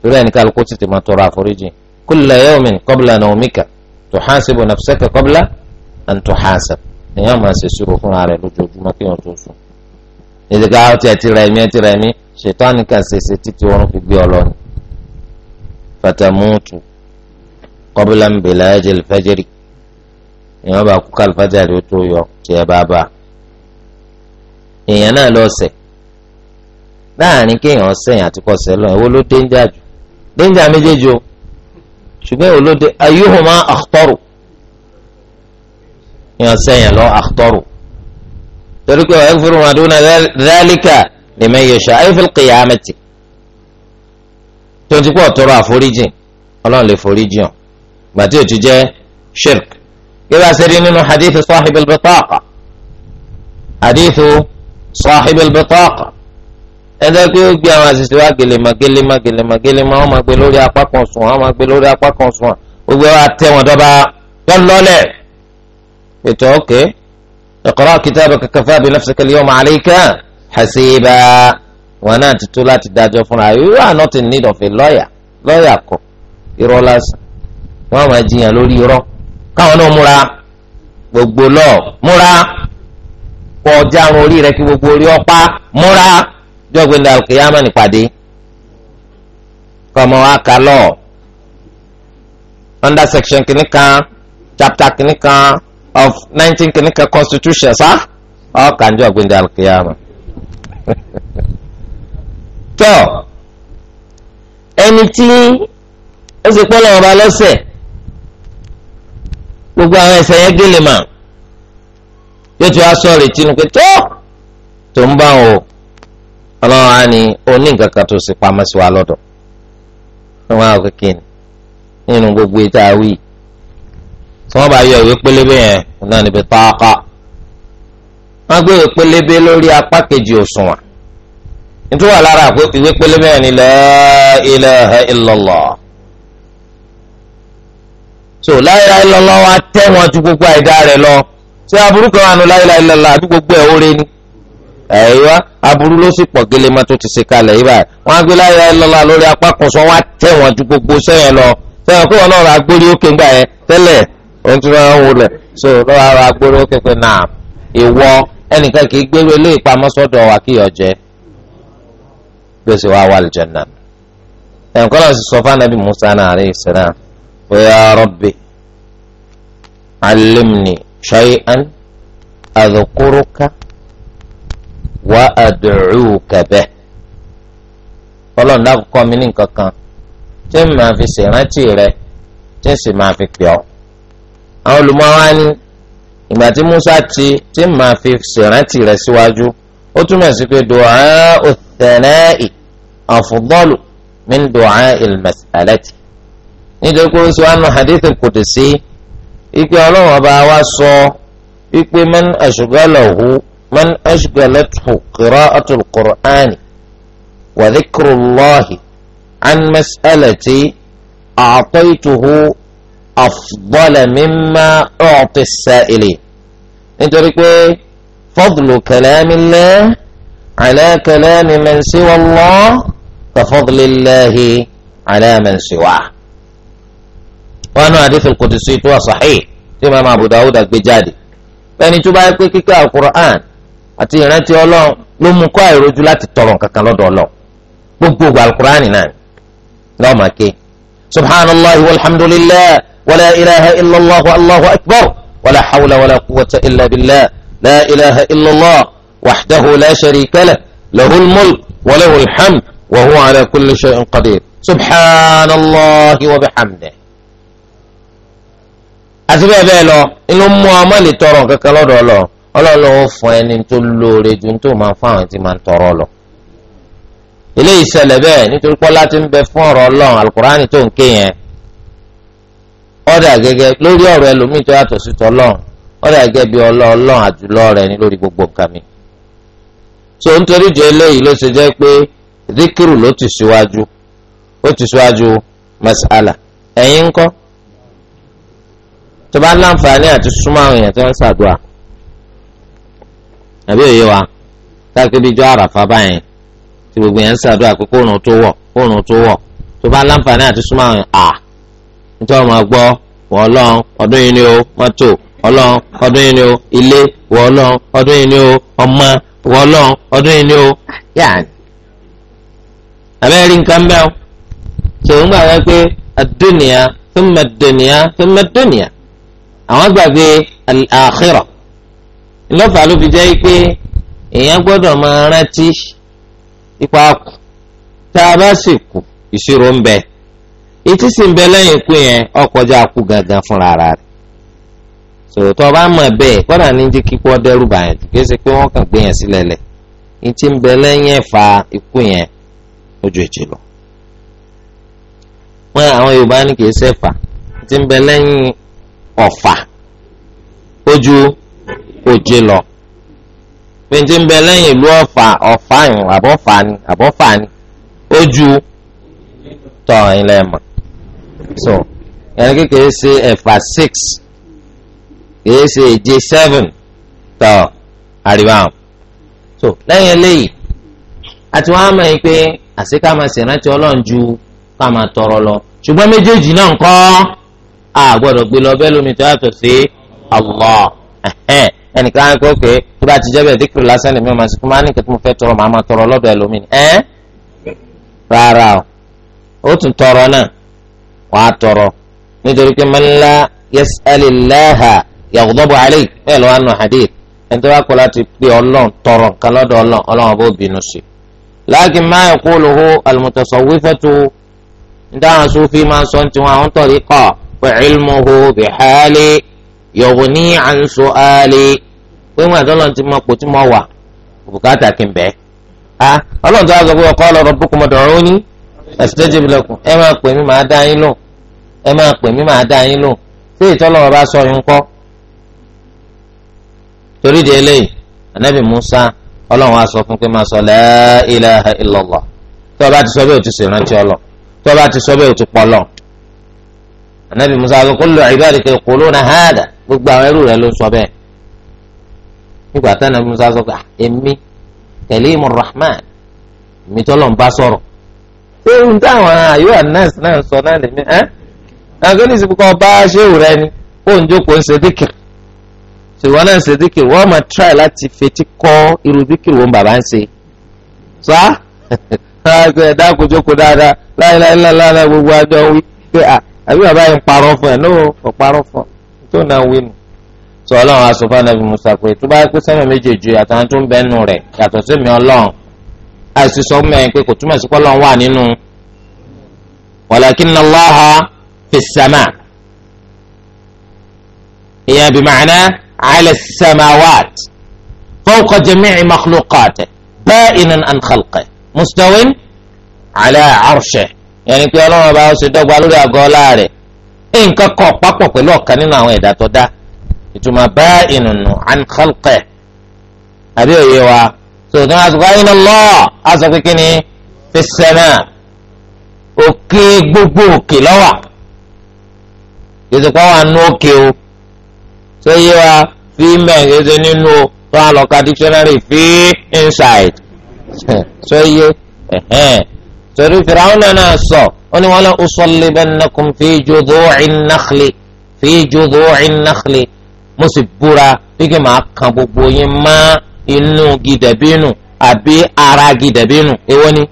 torí ẹni kálukú ti tì máa tọrọ àforíjì kulla yawmin qabla nawmika tuhasibu nafsaka qabla an tuhasab nìyẹn máa ṣe sùúrù fúnra rẹ̀ lójoojúmọ́ kí wọ́n tó sùn. ìdíkà ọtí ẹtì rẹ̀ mí ẹtì rẹ̀ mí ṣètọ́ni kan ṣèṣe títí oorun fi gbé ọlọ́ni. fatamutu qabla bilajil fajri ìyẹn bá kú kálífàjà rẹ̀ tó yọ tiẹ̀ bá bá a èèyàn náà lọ ṣẹ̀ láàrin kéèyàn ṣẹ̀yìn àti kọsẹ̀ lọ èwo ló dénjà jù dénjà méjèèjì o ṣùgbọ́n èwo ló dé ayéhùnmá àkọ́rù èèyàn ṣẹ̀yìn lọ àkọ́rù torí pé ọ̀hẹ́ fúru màdúnà dhalika liman yasha ay fil qiyamati tó ti pọ̀ tọrọ àforíjìn ọlọ́run lè foríjìn ọ̀ gbàtí ò jẹ́ shirk kí wàá ṣe rí nínú hadith sahib al-bitaqa hadith. صاحب البطاقة. bitaqa ẹnlẹ kí ó gbé àwọn àṣìṣe wa gèlèmà gèlèmà gèlèmà gèlèmà wọn máa gbé lórí apá kan sùn wọn máa gbé lórí apá kan sùn gbogbo wa tẹ wọn dọba wọn lọlẹ ètò ọkẹ iqra kitabaka kafa bi nafsika al-yawma alayka hasiba wọn náà ti tó láti dájọ́ fúnra you are not in need of a lawyer lawyer kọ́ irọ́ lásán wọn máa jiyàn lórí irọ́ káwọn náà múra gbogbo lọ múra kọ jarun orí rẹ kí gbogbo orí ọpá múra jọgbe ní alùkìyàmọ nípàdé kọmọ wa lọ under section kìíní kan chapter kìíní kan of nineteen kìíní kan constitution sá ọkà ń jọgbe ní alùkìyàmọ [laughs] tọ ẹni tí ó sì pọ́ lọ́wọ́ ba lọ́sẹ̀ gbogbo àwọn ẹsẹ̀ yẹn gélé mọ́. yóò ti wá sọ̀rọ̀ ìtinú pé tó tó ń bá wọn o ọlọ́run á ní oní tó sì sí wa lọ́dọ̀ wọn á nínú gbogbo ètò àwí tí wọ́n bá yọ ìwé pélébé yẹn náà níbi tọ́ọ́kọ́ gbé ìwé pélébé lórí apá kejì so wa tẹ́ wọn ju gbogbo àìdá lọ. ṣé aburú kan àánú láìláì lọ́la àbí gbogbo ẹ̀ ó rẹ ni. ẹ̀yọ́ aburú ló sì pọ̀ gẹ́lẹ́ máa tó ti ṣe kalẹ̀ yìí báyìí wọ́n á gbé láìláì lọ́la lórí apá kan sọ wọ́n á tẹ̀ wọ́n ju gbogbo sẹ́yìn lọ sẹ́yìn kó wọn náà ra gbórí òkè ńgbà yẹn tẹ́lẹ̀ ohun tí wọ́n wò lẹ̀ so lọ́wọ́ ara gbórí òkè pé náà ìwọ ẹnìkan kì í gbérú ilé ìpamọ́ sọ́dọ̀ wa kí ọ̀jẹ́ gbèsè wa wà lìjẹ̀nà ẹ̀ǹkọ́ náà sì sọ fún musa náà àríyìn sẹ́nà pé ya rabbi allimni shay'an أذكرك wa ad'uka bih ọlọ́run dáàbò kọ́ mi ní nǹkan kan tí n máa fi ṣèrántí rẹ tí n sì máa fi pè ọ́ àwọn olùmọ̀wá ní ìgbà tí Musa ti tí n máa fi ṣèrántí rẹ síwájú ó túmọ̀ sí pé du'a ath-thana'i afdalu min du'a al nítorí pé ó sọ wá nù hadith al-qudsi ìpè ọlọ́run ọba wa sọ ìpè man ashgalahu man ashgalathu qira'atul qur'ani wa dhikrullahi an mas'alati a'taytuhu afdala mimma u'ti as-sa'ili nítorí pé fadlu kalamillah ala kalami man siwa Allah ka fadlillahi ala man wọnú náà hadith al tó wà sahih tí Imam Abu ọ̀dà gbé jáde bẹ́ẹ̀ni tó bá yẹ pé kíkà alukur'an àti ìrántí Ọlọ́run ló mú kó àìrójú láti tọrọ kankan lọ́dọ̀ ọlọ́ gbogbo alukur'an náà lọ́ọ́ máa ké subhanallah walhamdulillah wala ilaha illallah allahu akbar wala hawla wala quwwata illa billah la ilaha illallah wahdahu la sharika lah lahul mul wa lahul hamd wa huwa ala kulli shay'in qadir subhanallah wa bihamdihi. àti bẹ́ẹ̀ bẹ́ẹ̀ lọ inú mú ọmọ lè tọrọ kankan lọ́dọ̀ lọ ọlọ́run ó fún ẹni tó lóore ju tó máa fún àwọn tí máa ń tọrọ lọ. eléyìí ṣẹlẹ̀ bẹ́ẹ̀ nítorí pọ́lá ti ń bẹ fún ọ̀rọ̀ ọlọ́run alukurani tó ń ké yẹn ọ̀dà gẹ́gẹ́ lórí ọ̀rọ̀ ẹlòmíì tó yàtọ̀ sí tọ́lọ́run ọ̀dà gẹ́gẹ́ bí ọlọ́ọ̀lọ́run àjùlọ rẹ̀ ní lórí gbogbo nǹkan so nítorí jẹ́ eléyìí ló ṣe jẹ́ pé zikiru ló ti síwájú ó ti síwájú masala ẹ̀yin ńkọ́ tó bá láǹfààní àti súnmọ́ àwọn èèyàn tó ń ṣàdúrà àbí òye wa táàkì bíi jọ àràfà báyẹn tí gbogbo yẹn ń ṣàdúrà pé kóòrùn tó wọ̀ kóòrùn tó wọ̀ tó bá láǹfààní àti súnmọ́ àwọn à nítorí wọn gbọ́ wọ́n lọ́n ọdún yìí ni ó mọ́tò ọlọ́n ọdún yìí ni ó ilé wọ́n lọ́n ọdún yìí ni ó ọmọ wọ́n lọ́n ọdún yìí ni ó yáàni. abẹ́rẹ́ nǹkan bẹ́ẹ̀ ṣòwò ń gbà wá pé àdúnìyà thumma àdúnìyà thumma àdúnìyà àwọn gbàgbé al-akhirah ńlọ́fà ló fi jẹ́ pé èèyàn gbọ́dọ̀ máa rántí ipa kù tá a bá sì kù ìṣirò ń bẹ etí sì ń bẹ lẹ́yìn ikú yẹn ọkọjá kú gangan fúnra ara rẹ̀ sòtọ́ bá mọ̀ bẹ́ẹ̀ kọ́dà ní jí kíkọ́ dẹ́rù bàyàn kì í ṣe pé wọ́n kàn gbé yẹn sílẹ̀ lẹ̀ etí ń bẹ lẹ́yìn ẹ̀fà ikú yẹn ojú èjì lọ. wọ́n àwọn Yorùbá ní kì í ṣẹ̀fà etí ń bẹ lẹ́yìn ọ̀fà ojú òjé lọ péńté ń bẹ lẹ́yìn ìlú ọ̀fà ọ̀fà yìí àbọ̀fà ni àbọ̀fà ni ojú tọ̀ ilẹ̀ mọ̀ so ẹni kékeré ṣe ẹ̀fà six kìí ṣe èje seven tọ̀ àríwá so lẹ́yìn eléyìí àti wọn á mọ̀ yín pé àṣeká máa ṣèrántí ọlọ́run ju ká máa tọrọ lọ ṣùgbọ́n méjèèjì náà ń kọ́ ọ́ a gbọ́dọ̀ gbé lọ bẹ́ẹ̀ lómi tó yàtọ̀ sí Allah ẹnìkan á kó pé tó bá ti jẹ́ bẹ́ẹ̀ díkìrì lásán lèmi ọmọ sí kó máa ní kí mo fẹ́ tọrọ màá máa tọrọ lọ́dọ̀ ẹlòmíì ni ẹ́ rárá o ó tún tọrọ náà wàá tọrọ nítorí pé man la yas'alillaha yaghdabu alayhi bẹ́ẹ̀ lọ́wọ́ nù hadith ẹni tó bá kọ́ láti pé ọlọ́run tọrọ nǹkan lọ́dọ̀ ọlọ́run ọlọ́run bó bínú sí lakin ma yaquluhu al-mutasawwifatu dáhùn sófin máa ń sọ ní tiwọn àwọn tọ̀rí kọ́ وعلمه بحالي يغني عن سؤالي pé wọn àtọ́lọ́n ti n bẹ́ẹ̀. a ọlọ́run tó wá sọ pé ọkọ ọlọ́rọ̀ bùkún mọ̀ dọ̀rọ̀ ó ní ẹ̀sìtẹ́jì lẹ́kùn ẹ máa pè mí màá dá yín lò ẹ máa pè mí màá dá yín lò ṣé ìtọ́lọ́run bá sọ yín kọ́. anabi musa ọlọ anabi musa ló kullu ibadika yaquluna hada gbogbo àwọn ẹrú rẹ̀ ló sọ bẹ́ẹ̀ nígbà tá anabi musa sọ pé ah, èmi kẹlíìmù rahman èmi tọ́lọ̀ ń bá sọ̀rọ̀ ṣé ohun táwọn ayé anas náà sọ náà lèmi ẹ́ àgbẹ̀lì sì kọ́ bá ṣéwù rẹ ni ó ń jókòó ń ṣe díkìr ṣèwọ́n náà ń ṣe díkìr wọ́n máa tíráì láti fetí kọ́ irú díkìr wọn bàbá ń ṣe sọ́ á [laughs] dákòjókòó dáadáa láìláìláìláì gbogbo àjọ wí pé à ah, àbí bàbá yẹn parọ́ fún ẹ lóò kò parọ́ fún ọ tó náà wínú. sọ ọlọ́run aṣọ fún anabi musa pé tó bá pé sẹ́mi méjèèjì àtàwọn tó ń bẹ́nu rẹ̀ yàtọ̀ sẹ́mi ọlọ́run àìsí sọ mẹ́rin pé kò túmọ̀ sí pọ́lọ́run wà nínú walakinna Allaha fis ìyẹn bí màánà ala samawat fawqa jami'i makhluqatihi ba'inan an khalqihi mustawin ala arshihi yẹn ni pé ọlọ́run ọba ó ṣe dọ́gba lórí àgọ́ ọlá rẹ̀ nǹkan kan papọ̀ pẹ̀lú ọ̀kan nínú àwọn ẹ̀dá tó dá ìtumọ̀ bá ìnùnú an khalqe àbí òye wa sọ̀tún àsùnkà iná lọ́ àsọ pé kíni fi sẹ́nà òkè gbogbo òkè lọ́wà ìsìnkú àwọn àánú òkè o tó yé wa fi mẹ́rin ṣe nínú tó àlọ́ka dictionary fi inside tó [laughs] yé ẹ̀hẹ́n torí fìràwọ́nà náà sọ ó ní wala usallibannakum fi judhu'in nakhli fi judhu'in nakhli mo sì búra pínkì máa kan gbogbo yín mọ́ inú gidẹ̀bínú àbí ara gidẹ̀bínú èwo ni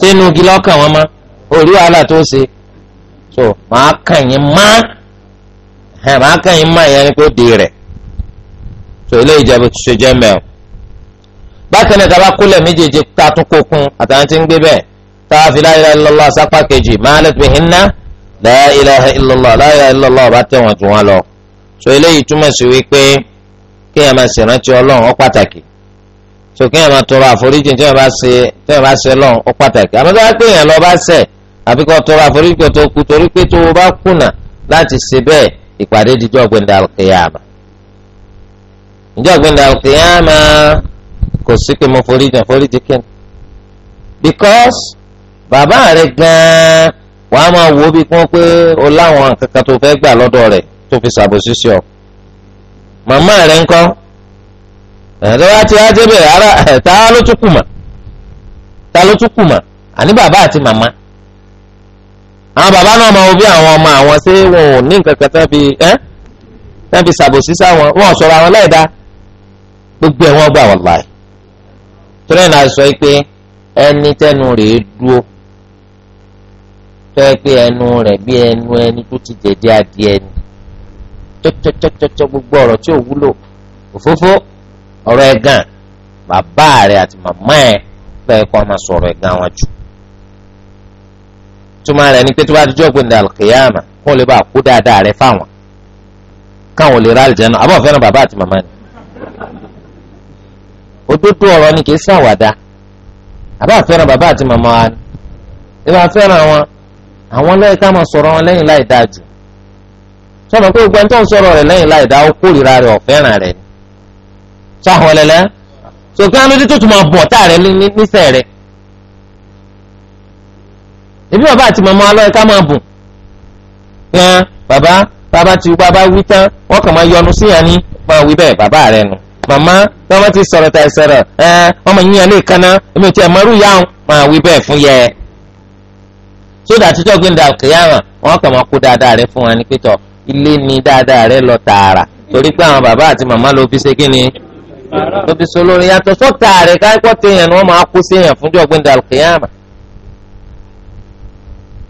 sínú gilọ́kàn wọn mọ́ orí wàhálà tó ṣe so máa kàn yín mọ́ ẹ máa kàn yín mọ́ ìyẹn ni kò di rẹ̀ so ilé ìjẹ́bù ti ṣe jẹ́ mẹ́ọ̀ bákan náà tá a bá kúlẹ̀ méjèèjì tá a tún kó kún àtàwọn tí ń gbé bẹ́ẹ̀ tààfin la ilaha illallah sápá kejì mahalat bihinna la ilaha illallah la ilaha illallah ọba tẹ̀wọ̀n tún wọn lọ. so eléyìí túmọ̀ sí wípé kéèyàn máa ṣèrántí ọlọ́run so kéèyàn tọrọ àforíjì tí wọ́n bá se lọ tọrọ kú torí pé tó o bá kùnà láti ìpàdé kò sí because bàbá rẹ̀ gan-an wà á máa wo bí kún pé o láwọn kankan tó fẹ́ gbà lọ́dọ̀ rẹ̀ tó fi ṣàbòsí sí ọ màmá rẹ̀ ńkọ́ ẹ̀rọ àti ajẹ́bẹ̀ ara ta ló tún kù ta ló tún kù àní bàbá àti màmá àwọn bàbá náà máa wo bí àwọn ọmọ àwọn ṣé wọn ò ní nǹkan kan tán fi ẹ́ tán fi ṣàbòsí sáwọn wọn gbogbo ẹ̀ wọ́n gbà fẹ́ pé ẹnu rẹ̀ bí ẹnu ẹni tó ti jẹ̀dí adìẹ ni tọ́tọ́tọ́tọ́ gbogbo ọ̀rọ̀ tí ò wúlò òfófó ọ̀rọ̀ ẹ̀gàn bàbá rẹ̀ àti màmá ẹ̀ kọ́ sọ̀rọ̀ ẹ̀gàn wọn jù. túmọ̀ rẹ̀ ni pé tó bá kó lè bá dáadáa rẹ̀ fáwọn káwọn lè ra àlùjànnà àbọ̀ fẹ́ràn bàbá àti màmá ni. òdodo ọ̀rọ̀ ni kì í àbá fẹ́ràn bàbá àwọn lọ́yẹ̀ ká máa sọ̀rọ̀ wọn lẹ́yìn láì dáa jù sọ̀rọ̀ pé gbogbo ẹni tó ń sọ̀rọ̀ rẹ̀ lẹ́yìn láì dáa ó kórìíra rẹ̀ ọ̀fẹ́ràn rẹ̀ ni sáwọn lẹ́lẹ́ sọ̀kẹ́ alójú tó tún máa bọ̀ tá bàbá àti màmá ká máa bùn bàbá bàbá ti bàbá wí tán wọ́n yọnu síyàn ní máa bàbá rẹ̀ nù màmá tí ti sọ̀rọ̀ sódà títọ́ gbé ndà kìyàmà wọn kàn máa kó dáadáa rẹ fún wa ní pẹ́tọ́ ilé ni dáadáa rẹ lọ tààrà torí pé àwọn bàbá àti màmá ló fi ṣe kí ni ló fi ṣe olórin yàtọ̀ sọ́tà rẹ káíkọ́ téèyàn ni wọ́n máa kó séèyàn fúnjọ́ gbé ndà kìyàmà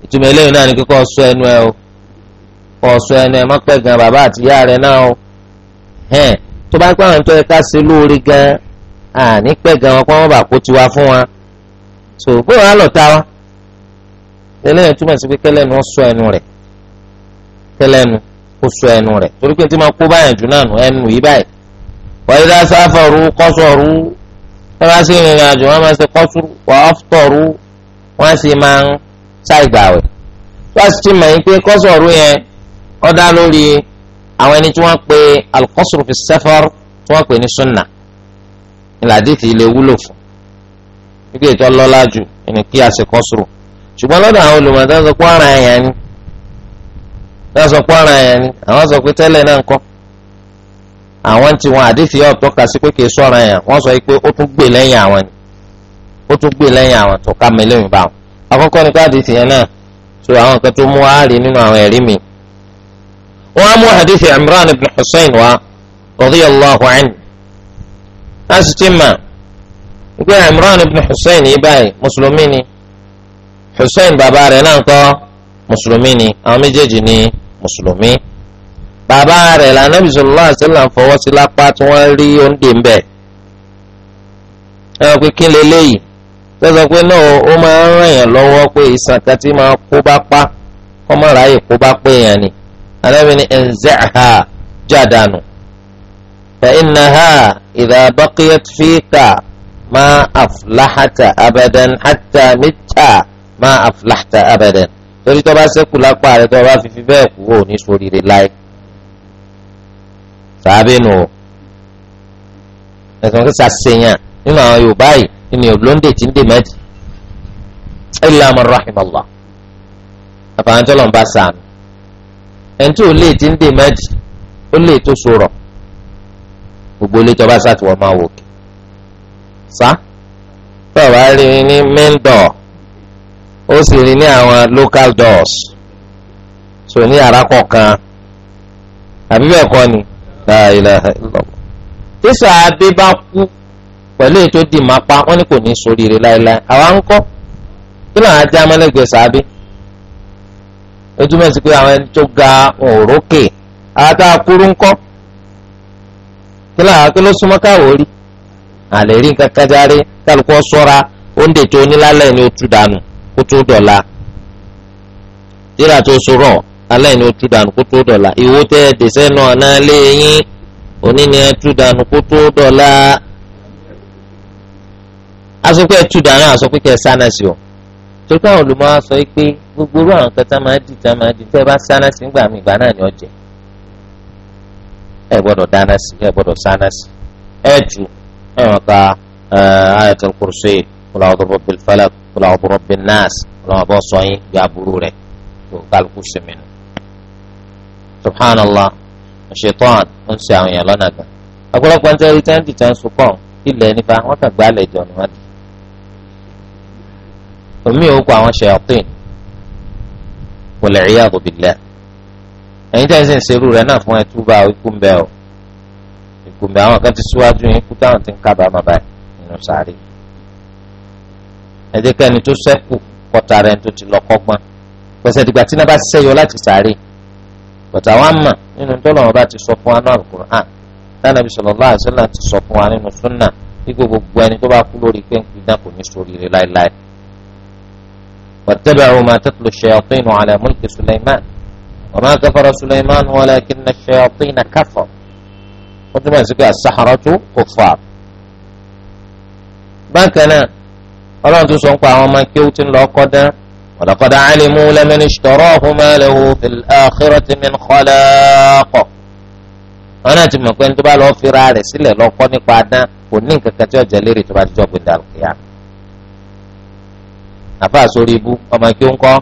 ìtumọ̀ eléyìí náà ni kíkọ́ sọ ẹnu ẹ o kọ́ sọ ẹnu ẹ má pẹ́ gan bàbá àti ìyá rẹ náà o hẹ́n tó bá pẹ́ àwọn tó yẹ ká ṣe lóore gan àní pẹ́ gan wọn kọ́ wọn bà kó tiwa fún wa so bóyá lọ́ta wa eléyìí túmọ̀ sí pé kẹlẹ́nu sọ ẹnu rẹ̀ kẹlẹ́nu kó sọ ẹnu rẹ̀ torí pé tí máa kó báyìí jù náà nù ẹnu yìí báyìí wàyí dá sáfàrú kọ́sọ̀rú wọ́n máa ṣe ìrìn àjò wọ́n máa ṣe kọ́sùrú wà áfùtọ̀rú wọ́n sì máa ń ṣàìgbàwẹ̀ wọ́n sì ti mọ̀ yín pé kọ́sọ̀rú yẹn ó dá lórí àwọn ẹni tí wọ́n pe alukọ́sùrú fi sẹ́fọ́r tí wọ́n pè ní sunna ìlàdí ti lè wúlò fún nígbà ètò ọlọ́lá jù ẹni kí a ṣe kọ́sùrú ṣùgbọ́n lọ́dọ̀ àwọn olùmọ̀tá sọ pé ara ẹ̀yà ni wọ́n sọ pé ara ẹ̀yà ni àwọn sọ pé tẹ́lẹ̀ náà ń kọ́ àwọn tí wọn àdìsí yóò tọ́ka sí pé kì í sọ̀rọ̀ ẹ̀yà wọ́n sọ pé ó tún gbè lẹ́yìn àwọn ni ó tún gbè lẹ́yìn àwọn so àwọn tó mú wa rí nínú àwọn ẹ̀rí mi. wọ́n á mú àdìsí Imran ibn Hussein Hussein baba, rẹ náà kọ́ mùsùlùmí ni àwọn méjèèjì ni mùsùlùmí baba rẹ lànàbì sallallahu alaihi wasallam sí lápá tí wọ́n rí oúnjẹ ń bẹ̀ ẹ̀rọ pé kí leléyìí tó sọ pé náà ó máa ń ràn yàn lọ́wọ́ pé ìsàn kan tí máa kó bá pa kọ́ mọ́ ráyè kó bá pé yàn ni ha ni ma aflahata mita. má aflahta abadan torí tó bá sẹ́kù lápá rẹ tó bá fífi bẹ́ẹ̀ kú ò ní sóríire láì sàbẹ̀nù o ẹ̀sán kí sàṣeyàn nínú àwọn yorùbá yìí nínú olóńdè tí ń dè mẹ́tì illa man rahimallah àfààní tọ́lọ̀ ń bá sàánù ẹ̀ńtí ò lè tí ń dè mẹ́tì ó lè tó sọ̀rọ̀ gbogbo ilé tó bá sàtìwọ́ máa wò kí sá tọ́ọ̀ bá rí ní mẹ́ńdọ̀ọ́. ó sì rí ní àwọn local doors so ní yàrá kọ̀ọ̀kan ni la ilaha bá kú pẹ̀lú ètò ìdìmápá wọn ni kò ní ṣoríire láéláé àwa ń kọ́ kí làwọn ajá mọ́lẹ́gbẹ̀ẹ́ sàábé ojúmọ̀ sí pé àwọn ẹni tó ga òrókè àwọn kúrú ń kọ́ kí làwọn kí ló súnmọ́ káwọ́ rí àlè rí nǹkan kájáre kálukọ́ sọ́ra ni ó tú kó tó dọ̀la tíra tó sọ̀rọ̀ alẹ́ ni ó tú dànù kó tó dọ̀la ìwó tẹ́ dẹ̀sẹ̀ náà náà lé yín òní ni ẹ tú dànù kó tó dọ̀la asopẹ́ tú dànù asopẹ́ kẹ́ sánàsì o torí káwọn olùmọ̀ á sọ pé gbogbo irú àwọn kẹta máa dì tá máa dì tẹ́ bá sánàsì ńgbà mí ìgbà náà ni ọ jẹ ẹ gbọ́dọ̀ dánàsì ẹ gbọ́dọ̀ sánàsì ẹ jù ẹ wọn ká ayatul kursi kula ọdọ bọ bil falak kúlọ̀ ọ̀bùrọ̀ bí nọ́ọ̀sì ọlọ́wọ́n bọ́ sọ yín bí aburú rẹ̀ tó kálukú sí mi nù. subhanallah ṣetán ó ń ṣe àwọn èèyàn lọ́nà kan ọ̀pọ̀lọpọ̀ ń tẹ́lẹ̀ tẹ́ǹtì tẹ́ ń sunkàn ilẹ̀ nípa wọ́n kàn gbálẹ̀ jọ ni wọ́n dì. omi ò kọ àwọn ṣèyàtìn kò lè rí àgùbì lẹ̀ ẹ̀yin tẹ́ ń sìn ṣerú náà fún ẹtú bá ikú ń bẹ o ikú ń bẹ àwọn kan ti síwájú yín kú táwọn ti ń kábàámọ̀ báyìí nínú sáré ẹ̀jẹ̀ kẹ́ni tó sẹ́kù kọta rẹ̀ tó ti lọ kọ́gbọ́n pẹ̀sẹ̀ dìgbà tí náà bá ṣiṣẹ́ yọ láti sáré bàtà wa mà nínú tó lọ́wọ́ bá ti sọ fún wa náà Al-Qur'an dáná bí sallallahu alaihi wasallam ti sọ fún wa nínú súnà wípé gbogbo ẹni tó bá kú lórí pé ń pidán kò ní ṣoríire láéláé. واتبعوا ما تتلو الشياطين على ملك سليمان وما كفر سليمان ولكن الشياطين كفروا wọ́n tún bá ń sọ pé ọlọ́run tó sọ ń pa àwọn ọmọ kí ó ti ń lọ kọ́dá ọ̀dọ́kọ́dá alimu lẹ́mẹ́ni ṣọ̀rọ̀ ọ̀húnmẹ́lẹ́hu àkírọ́tì mi kọ́lẹ́kọ̀. wọn náà ti mọ̀ pé ní tó bá lọ́ọ́ fira rẹ̀ sílẹ̀ lọ́kọ́ nípa adán kò ní nǹkan kan tí ọ̀jẹ̀ lérè tó bá ti jọ́ gbẹ̀dà kìá. àfa sórí ibu ọmọ kí ó ń kọ́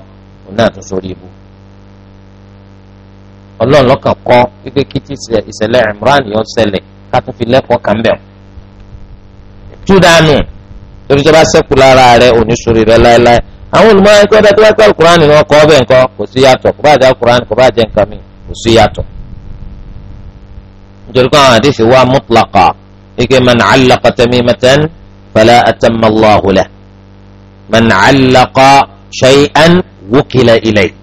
òun náà tún sórí ibu. ọlọ́run lọ́kàn kọ́ wípé kí tí ìṣẹ̀lẹ̀ Imran yọ ṣẹlẹ̀ ká tún fi lẹ́kọ̀ọ́ kàn bẹ̀ torí tó bá sẹ́kù lára rẹ òní sórí rẹ láéláé àwọn olùmọ̀ ẹgbẹ́ bẹ́ẹ̀ tó bá kọ́ alukurani ni wọ́n kọ́ ọbẹ̀ nǹkan kò sí yàtọ̀ kò bá jẹ́ alukurani kò bá jẹ́ nǹkan mi kò sí yàtọ̀. nítorí pé àwọn àdéhìí wa mutlaqa ike man allaqa tamimatan fala atamma Allahu lahu shay'an wukila ilayhi.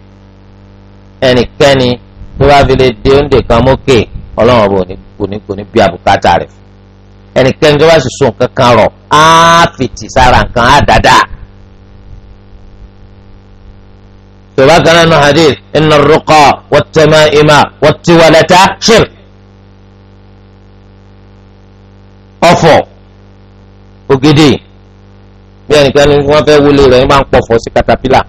ẹnikẹ́ni tó bá fi lè dé oúnjẹ kan mókè ọlọ́run ọba kò ní bí abùkátà rẹ̀ ẹnikẹ́ni tó bá sì so nǹkan kan rọ̀ á fìtì sára nǹkan á dáadáa. tòbá kan náà nù hadith inna ar-ruqa wat-tama'ima wat-tiwalata shirk. ọ̀fọ̀ ògidì bí ẹnikẹ́ni wọ́n fẹ́ wọlé rẹ̀ máa ń pọ̀fọ̀ sí katapila.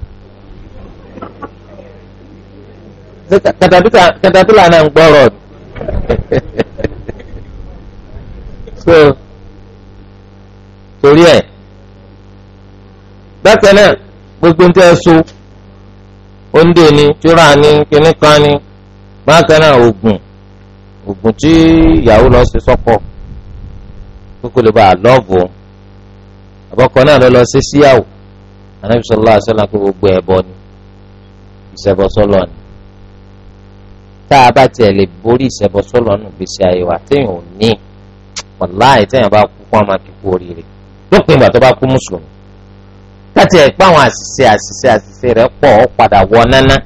katapila náà ń gbọ́rọ̀ [laughs] so torí ẹ̀ bákan náà gbogbo ń tẹ́ so oúnjẹ ni tíra ni kíní kan ni bákan náà oògùn oògùn tí ìyàwó lọ sí sọ́kọ kókò lè ba àlọ́ọ̀bù àbọ̀kọ náà lọ lọ sí síyàwó anabi sọlá àṣọlá pé gbogbo ẹbọ ni ìṣẹbọ sọlọ ni tá a bá tiẹ̀ lè borí ìṣẹbọ sọlọ nù gbèsè ayé wa téèyàn ò ní. wàláì tẹ́yàn bá kú kó ọmọ kíkú oríire lópin ìgbà tó bá kú mùsùlùmí káti ẹ̀ pé àwọn àṣìṣe àṣìṣe àṣìṣe padà wọ nánà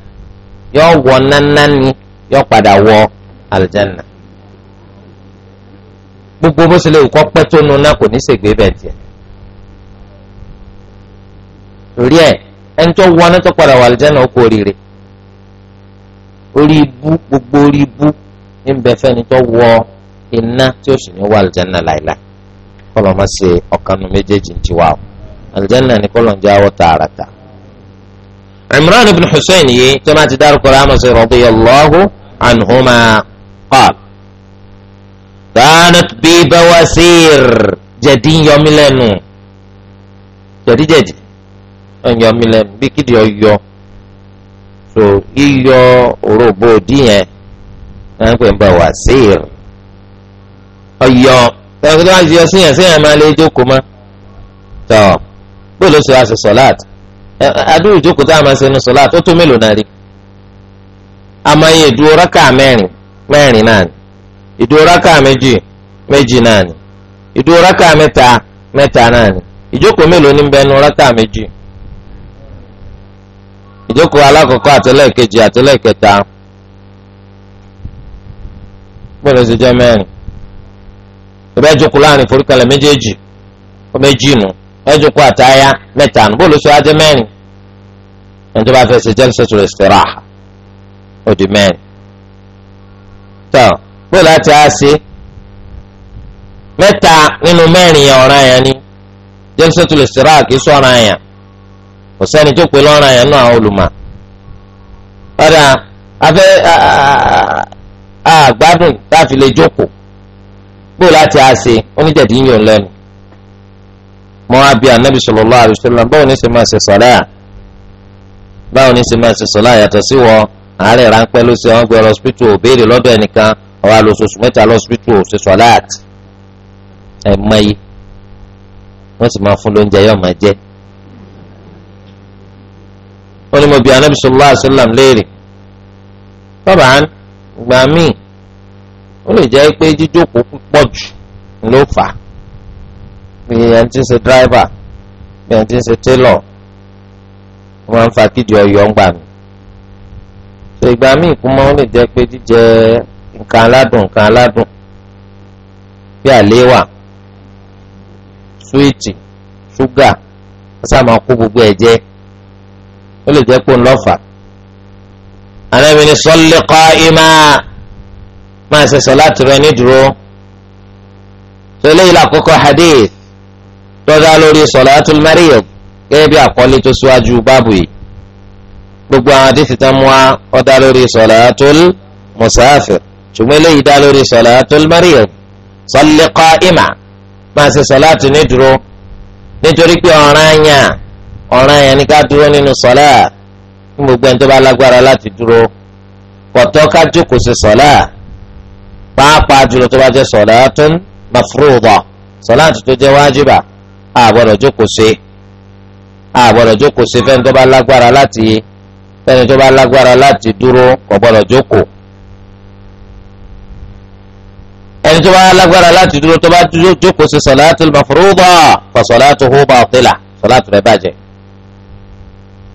yọ wọ nánà ni wọ gbogbo bó ṣe lè kọ́ pẹ́ tó nu náà kò ní ṣègbè bẹ̀ torí ẹni gbogbo orí ibú ń bẹ tó iná tí ó sì ní wà àlùjáná láìláì kọlọ ma ṣe ọkànnù méjèèjì ti wà o àlùjáná ni kọlọ ń jẹ àwọ tààràtà. Imran ibn Hussein yìí tó máa ti dárúkọ rẹ̀ àmọ̀ sí radiyallahu anhuma qal kanat bi bawasir jẹ̀dí ń yọ mí lẹ́nu jẹ̀díjẹ̀dí ń bí kídìí ọyọ so yíyọ òróbó òdì yẹn ẹ̀ ń pè ń ọ̀yọ́ ẹ̀rọ wá yọ sí yẹn sí yẹn máa lé jókòó má tọ́ bó ló ṣe wá sí sọ́láàt adúrú ìjókòó tá a máa ṣe ní sọ́láàt ó tó mélòó náà rí amáyé ìdúró rákà meji mẹ́rin náà ni ìdúró rákà méjì méjì náà ni ìdúró rákà náà ni ìjókòó mélòó ní rákà méjì ìjókòó alákọ̀ọ́kọ́ àtẹlẹ́kẹta ṣe jẹ́ tó bá jókòó láàrin foríkalẹ̀ méjèèjì ó méjì nù ẹ jókòó àtàyà mẹ́ta nù bó ló sọ adé mẹ́rin ẹni tó bá fẹ́ ṣe jalsatul istiraha ó di mẹ́rin tó bó láti á ṣe mẹ́ta nínú mẹ́rin yẹn ọ̀ràn yẹn ni jalsatul istiraha kì í sọ ọ̀ràn yẹn kò sẹ́ni tó pe lọ́ràn yẹn náà olùmọ̀ ọ̀dà afẹ́ àgbádùn tá lè jókòó bó láti àṣe oníjẹ̀dí yàn lẹ́nu mọ́ àbí anabi sallallahu alaihi wasallam báwo ní ṣe máa ṣe sọ̀rọ̀ à báwo ní ṣe máa ṣe sọ̀rọ̀ àyàtọ̀ sí wọ àárẹ̀ ráńpẹ́ ló ṣe wọ́n gbé lọ hospital òbéèrè lọ́dọ̀ ẹnìkan ọ̀rọ̀ àlòṣoṣù mẹ́ta lọ hospital ṣe sọ̀rọ̀ ẹ̀ mọ́ wọ́n sì máa fún lóúnjẹ yóò máa jẹ́ ó ní mo bi léèrè tọ́ba gbàmíì ó lè jẹ́ pé jíjókòó púpọ̀ jù ló fà á bí ẹni tí ń ṣe dráìvà bí ẹni tí ń ṣe télọ̀ wọ́n máa ń fa kídìí ọyọ́ ń gbà mí. ṣe ìgbà míì kú mọ́ ó lè jẹ́ pé jíjẹ nǹkan aládùn nǹkan aládùn bí àléwà súwìtì ṣúgà ó sábà kó gbogbo ẹ̀ jẹ́ ó lè jẹ́ pé ó ń lọ́fà. àná mi ni sọ́lé kọ́ ìmáa máa ṣe sọláàtì rẹ ní dúró tẹ́lẹ̀ ìlà àkọ́kọ́ hadith tọ́jà lórí sọláàtì mẹ́rìyẹ̀ gẹ́gẹ́ bí àkọlé tó síwájú báàbù yìí gbogbo àwọn àdìsí tán mú wa ó dá lórí sọláàtì mùsàáfìr ṣùgbọ́n eléyìí dá lórí sọláàtì mẹ́rìyẹ̀ salli qa'ima máa ṣe sọláàtì ní dúró nítorí pé ọ̀ràn yàn ọ̀ràn yàn ní ká dúró nínú sọláà ní gbogbo ẹni tó bá lágbára láti dúró kọ̀tọ́ ká jókòó ṣe sọláà pàápàá jùlọ tó bá jẹ́ sọ̀láàtún mafruḍa sọ̀láàtún tó jẹ́ wájibà àbọ̀dọ̀ jókòó sí àbọ̀dọ̀ jókòó sí fẹ́ni tó bá lágbára láti fẹ́ni tó bá lágbára láti dúró kò gbọ́dọ̀ jókòó. ẹni tó bá lágbára láti dúró tó bá jókòó sí sọ̀láàtún mafruḍa fa salatuhu batila sọ̀láàtún rẹ̀ bàjẹ́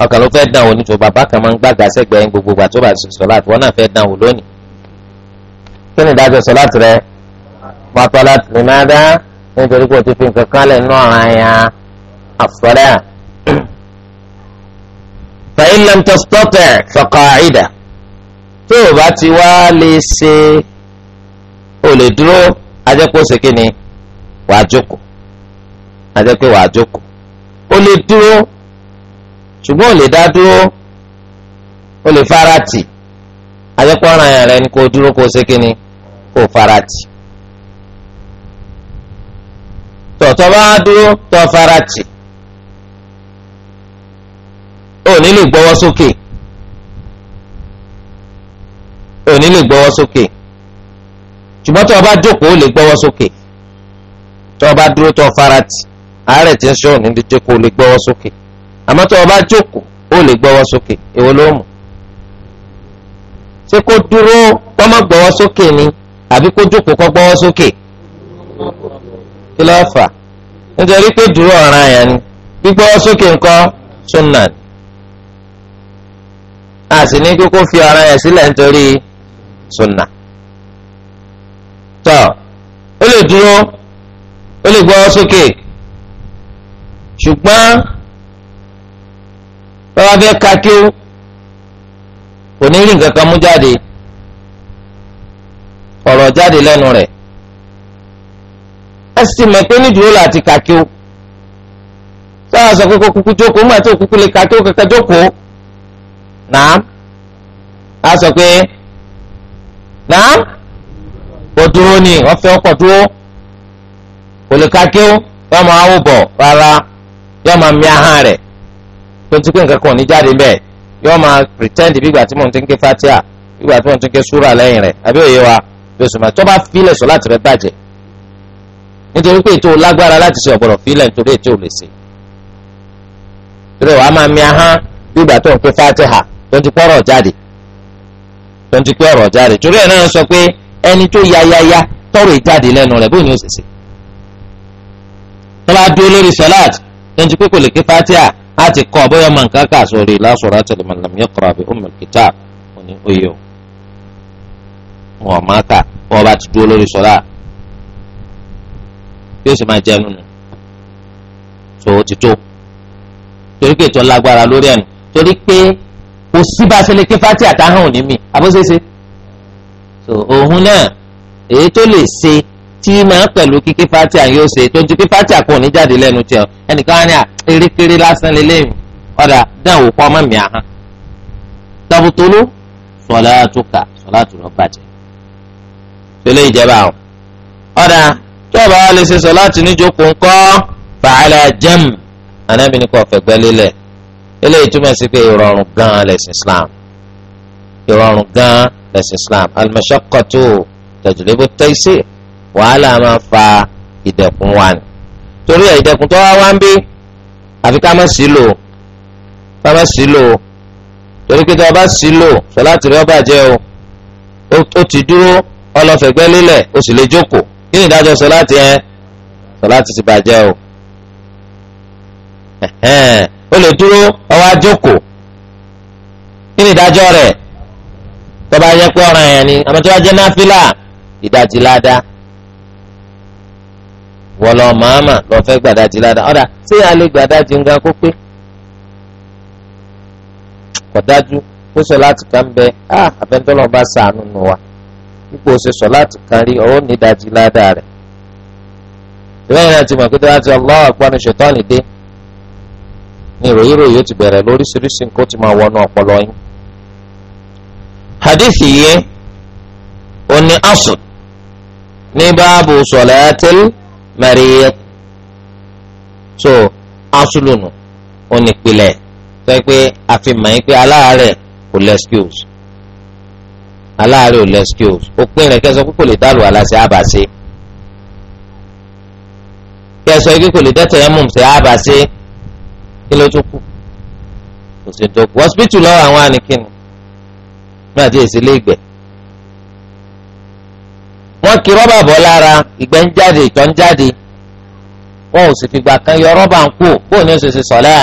ọkàn ló fẹ́ dàn wò nítorí bàbá kan máa ń gbàgbà sẹ́gbẹ̀ẹ́ gbogbo gbà tó bá sọ̀láàtún wọn náà fẹ́ dàn wò lónìí kí ni ìdájọ́ sọláàtì rẹ mọ́tọ́láàtì lè máa dá nítorí pé o ti fi nǹkan kan lẹ̀ nínú ọ̀ràn àyàn àsọ̀rẹ́ à. fàyín lẹ́m tó stọ́tẹ̀ fọkàn àìdà tó o bá ti wá lè ṣe o lè dúró ajẹ́pọ̀ ṣèké ni wàá jókòó ajẹ́pẹ́ wàá jókòó o lè dúró ṣùgbọ́n o lè dá dúró o lè fara tì ajẹ́pọ̀ ọ̀ràn àyàn rẹ ni kò dúró kó ṣèké ni kó farati tọ̀tọ̀ bá dúró tọ́ farati ò ní lè gbọ́wọ́ sókè ò ní lè gbọ́wọ́ sókè ṣùgbọ́n tọ́ bá jókòó lè gbọ́wọ́ sókè tọ́ bá dúró tọ́ farati àárẹ̀ tí ń ṣe òní lè jókòó lè gbọ́wọ́ sókè àmọ́ tọ́ bá jókòó ó lè gbọ́wọ́ sókè èwo ló mú ṣé kó dúró kó gbọ́wọ́ sókè ni àbí kó jókòó kó gbọ́wọ́ sókè kí ló fà nítorí pé dúró ọ̀ràn àyàn ni gbígbọ́wọ́ sókè nǹkan sunna a sì ní kókó fi ọ̀ràn àyàn sílẹ̀ nítorí sunna tọ́ ó lè dúró ó lè gbọ́wọ́ sókè ṣùgbọ́n bàbá fẹ́ kakíw kò ní rí nǹkan kan mú jáde. ọ̀rọ̀ jáde lẹ́nu rẹ̀ ẹ sì mọ̀ pé nídùú láti kàkí o sọ pé jókòó àti òkúkú lè jókòó a sọ pé kò dúró ni wọ́n fẹ́ ọkọ̀ dúró kò lè yọ máa wò bọ̀ rárá yọ máa mi rẹ̀ tó ti pé nǹkan kan ò ní jáde yọ máa oṣù mẹ́ta tó bá filẹ̀ sọ láti rẹ bàjẹ́ nítorí pé ètò lágbára láti ṣe ọ̀gbọ̀rọ̀ filẹ̀ nítorí ètò lè ṣe. ìrẹ̀wà máa mi ahán bí ìgbà tó ń pe fatiha tó ń ti pọ́ ọ̀rọ̀ jáde tó ń ti pé ọ̀rọ̀ jáde torí ẹ̀ náà sọ pé ẹni tó ya ya ya tọrọ ìjáde lẹ́nu rẹ̀ bóyá ni ó sì ṣe. tọ́lá dúró lórí sọ́láàt tó ń ti pé kò lè ké fatiha láti kọ́ bóyá ọmọ nǹkan kà sórí lásòrò àtẹlẹmọ̀lẹ́mí ẹ̀kọ́ wọn ò máa kà wọn bá ti dúró lórí sọlá yóò sì máa jẹun nù tó o ti tó torí pé ìtọ́ lágbára lórí ẹnu torí pé kò sí bá a ṣe lè ké fati àtàhàn òní mi àbóṣeṣe so òun náà èyí tó lè ṣe tí máa pẹ̀lú kíké fati àyè ọ̀sẹ̀ tó ń ju kíké fati àkọ́ òní jáde lẹ́nu tiẹ̀ ẹnìkan á ní à erékeré lásán lélẹ́yìn ọ̀dà dáhùn kọ́ ọmọ mi àhán dàbùtòló sọ̀lá tó kà sọ̀lá tó lọ bàjẹ́ tẹ́lẹ̀ ìjẹba o ọ̀dà tó o bá wà lè ṣe sọ láti níjókòó ńkọ́ fàálà jẹ́m anábìíní kò fẹ̀gbẹ́ lélẹ̀ eléyìí túmọ̀ sí pé ìrọ̀rùn gan lẹ̀sìn Islam ìrọ̀rùn gan lẹ̀sìn Islam al-mashaqqatu tajlibu at-taysir wàhálà máa fa ìdẹ̀kùn wa ni torí ẹ̀ ìdẹ̀kùn tó wá wá ń bí àfi ká má sí lò ká má sí lò torí pé tó o bá sí lò sọ láti rí ọ bàjẹ́ o ó ti dúró ọlọ́fẹ̀gbẹ́ lélẹ̀ o sì lè jókòó kí ni ìdájọ́ sọ láti ẹ sọ láti ti bàjẹ́ o o lè dúró ọwọ́ àjókòó kí ni ìdájọ́ rẹ̀ tó yẹ pé ọ̀ràn yẹn ni àmọ́ tó jẹ́ náfìlà wọlọ màámà lọ́fẹ́ gbàdájì ládàá a lè ń ga kó ah, wa. pípò ṣe sọ láti kárí ọwọ́ nídàájí ládàá rẹ̀ ìbẹ́yìn náà ti mọ̀ pé tí wọ́n ti Allahu Akbar ṣètọ́ni dé ní ìròyìn ìròyìn ó ti bẹ̀rẹ̀ lóríṣiríṣi nǹkan ó ti máa wọnú ọpọlọ yín. hadith yìí ó ní asùn ní báàbù sọ̀lẹ́tìl mẹ́rìíyẹ́ tó asùlùnù ó ní pilẹ̀ tó yẹ pé àfihàn yín pé aláàárẹ̀ kò lẹ́skíwùsì aláàárẹ̀ ò lẹ́síkíò òpin rẹ̀ kẹsàn-án kò lè dálù aláṣẹ àbàṣe kẹsàn-án igi kò lè dẹ́tẹ̀ ẹ̀ mú ṣe àbàṣe kí ló tún kù kò sí tó kù hospital lọ́wọ́ àwọn ànìkìnnì ní àti èsì ilé ìgbẹ́ wọ́n ki rọ́bà bọ́ lára ìgbẹ́ ń jáde ìtọ̀ ń jáde wọn ò sì fìgbà kan yọ rọ́bà ń kú bóun ni ó ṣe ṣe sọ̀lá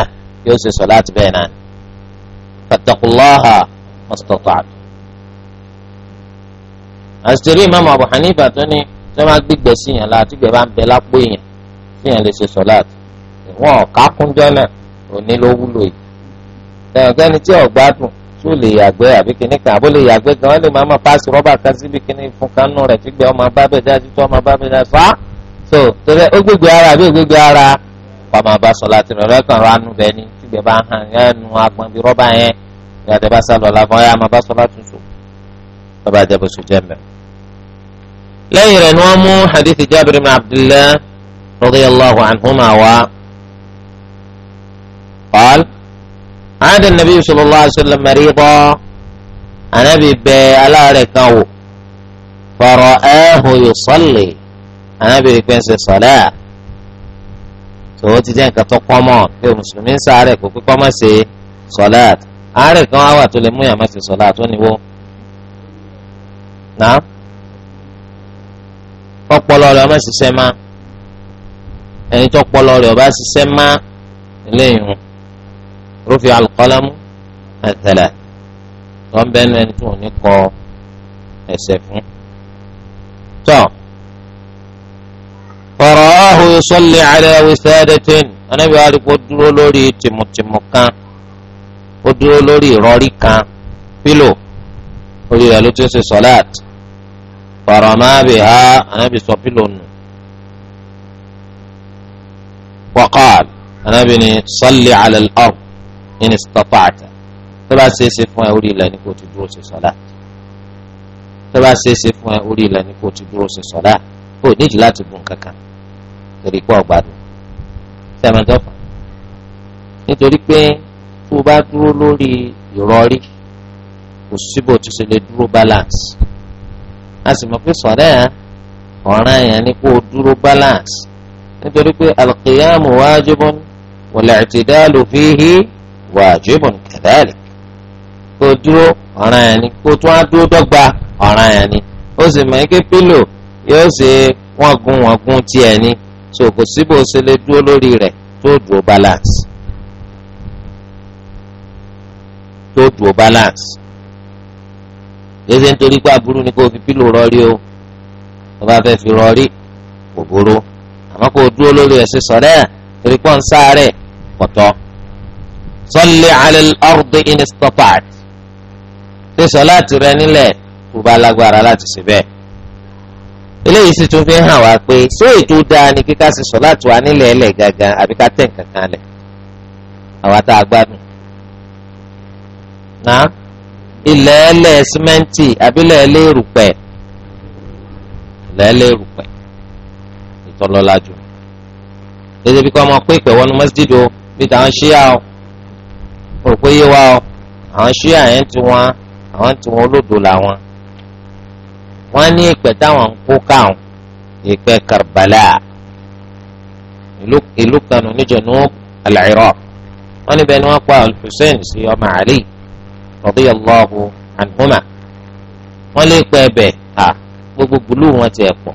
yóò ṣe sọ̀lá àti bẹ́ẹ̀ náà fattaqullaha mastata'tu àṣírí ìmáàmù Abu Hanifa tó ní tí wọ́n máa gbígbẹ́ sí yàn láti gbẹ̀ bá ń bẹ lápò èèyàn tí yàn lè ṣe sọ̀láàtì wọn ò kákúnjọ́ náà òní ló wúlò yìí ẹnikẹ́ni tí ọ̀gbádùn tó lè yàgbẹ́ àbí kìnnì kan àbó lè yàgbẹ́ gan ẹ lè máa máa paasi rọ́bà kan síbi kìnnì fún kanú rẹ̀ tí gbẹ ọmọ abábẹ́ dá títọ́ ọmọ abábẹ́ dá fa so torí ó gbégbé ara àbí ògbégbé ara wà máa bá sọ láti rẹ̀ lẹ́kàn rà nù bẹ́ẹ̀ ni tí gbẹ bá hàn yẹn nu agbọ̀n bí rọ́bà yẹn ìyàtẹ̀ bá sálọ làbọ̀n yẹn àmọ́ bá sọ láti sùn tọ́ba jẹ́ bó ṣe jẹ́ mẹ́. lẹ́yìn rẹ̀ ni wọ́n mú hadith Jabir ibn Abdullah radiyallahu anhuma wa qaal aada nabi sallallahu alayhi wa sallam mariida anabi bẹ aláàrẹ̀ kan wò fọ̀rọ̀ ẹ́hù yusalli anabi rí pẹ́ńsì sọ̀lá tòun ti jẹ́ nǹkan tó kọ́ mọ́ pé mùsùlùmí sáré kó pípọ́ mọ́ sí sọ̀lá àárẹ̀ kan wà tó lè mú yàrá sí sọ̀lá tó náà kọpọlọ rẹ ọmọ ṣiṣẹ́ má ẹni tó pọlọ rẹ ọba ṣiṣẹ́ má lẹ́yìn rufi alqalamu àtẹlẹ tó ń bẹnu ẹni tó ní kọ ẹsẹ̀ fún tọ kọrọ ọhún sọlẹ alẹ wíṣẹdẹtẹn anabi wa rikpo dúró lórí tìmùtìmù kan ó dúró lórí ìrọ̀rí kan pílò orí rẹ̀ ló ti ń ṣe farama biha anabi sọ pilonu waqaal anabi ni salli ala al-ard in istata'ta tó bá ṣeéṣe fún ẹ orí ilẹ̀ ni kò ti dúró ṣe sọ́lá tó bá ṣeéṣe fún ẹ orí ilẹ̀ ni kò ti dúró kankan torí pé ọ̀gbádùn sẹ́mẹ̀dọ́fà nítorí pé tó bá dúró lórí ìrọ̀rí kò síbò tó ṣe lè dúró balance a sì mọ̀ pé sọ̀rẹ́ yẹn ọ̀ràn yẹn ni kó o dúró balance nítorí pé alqiyamu wájibun wal-i'tidalu fihi wájibun kadhalik kó o dúró ọ̀ràn yẹn ni kó o tún á dúró dọ́gba ọ̀ràn yẹn ni ó sì mọ̀ ike pílò yóò ṣe wọ́n gun wọ́n gun tiẹ̀ ni so kò síbò ṣe lè dúró lórí rẹ̀ tó dúró balance gbèsè nítorí pé aburú ni kò fi pílò rọrí o tó bá fẹ́ fi rọrí kò burú àmọ́ kò dúró lórí ẹ̀sìn sọ̀rẹ́ torí pọ́n sáré pọ̀tọ́ salli ala al-ardi in istata'at ṣe sọ láti rẹ nílẹ̀ kò bá lágbára láti ṣe bẹ́ẹ̀ eléyìí sì tún fi hàn wá pé ṣé ètò dáa ni kíkà sí sọ láti wà nílẹ̀ ẹlẹ̀ gangan àbí ká tẹ̀ nǹkan kan lẹ̀ àwa tá a gbádùn náà ilẹ̀ ẹlẹ́ símẹ́ǹtì àbílẹ̀ ẹlẹ́ èrùpẹ̀ ilẹ̀ ẹlẹ́ èrùpẹ̀ ìtọ́lọ́lájú dédé bí kò ọmọ pé ìpè wọnú mọ́sídìí o bí táwọn ṣíà o mo rò pé yé wa o àwọn ṣíà yẹn ti wọn àwọn ti wọn olódò làwọn wọn ní ìpè táwọn ń kó káwọn ìpè Karbala ìlú kanu níjọ ní Al-Iraq wọn níbẹ̀ ni wọ́n pa Al-Hussein sí ọmọ Ali radiyallahu anhuma wọ́n lè pẹ́ ẹbẹ̀ à gbogbo gbùlù wọn ti ẹ̀ pọ̀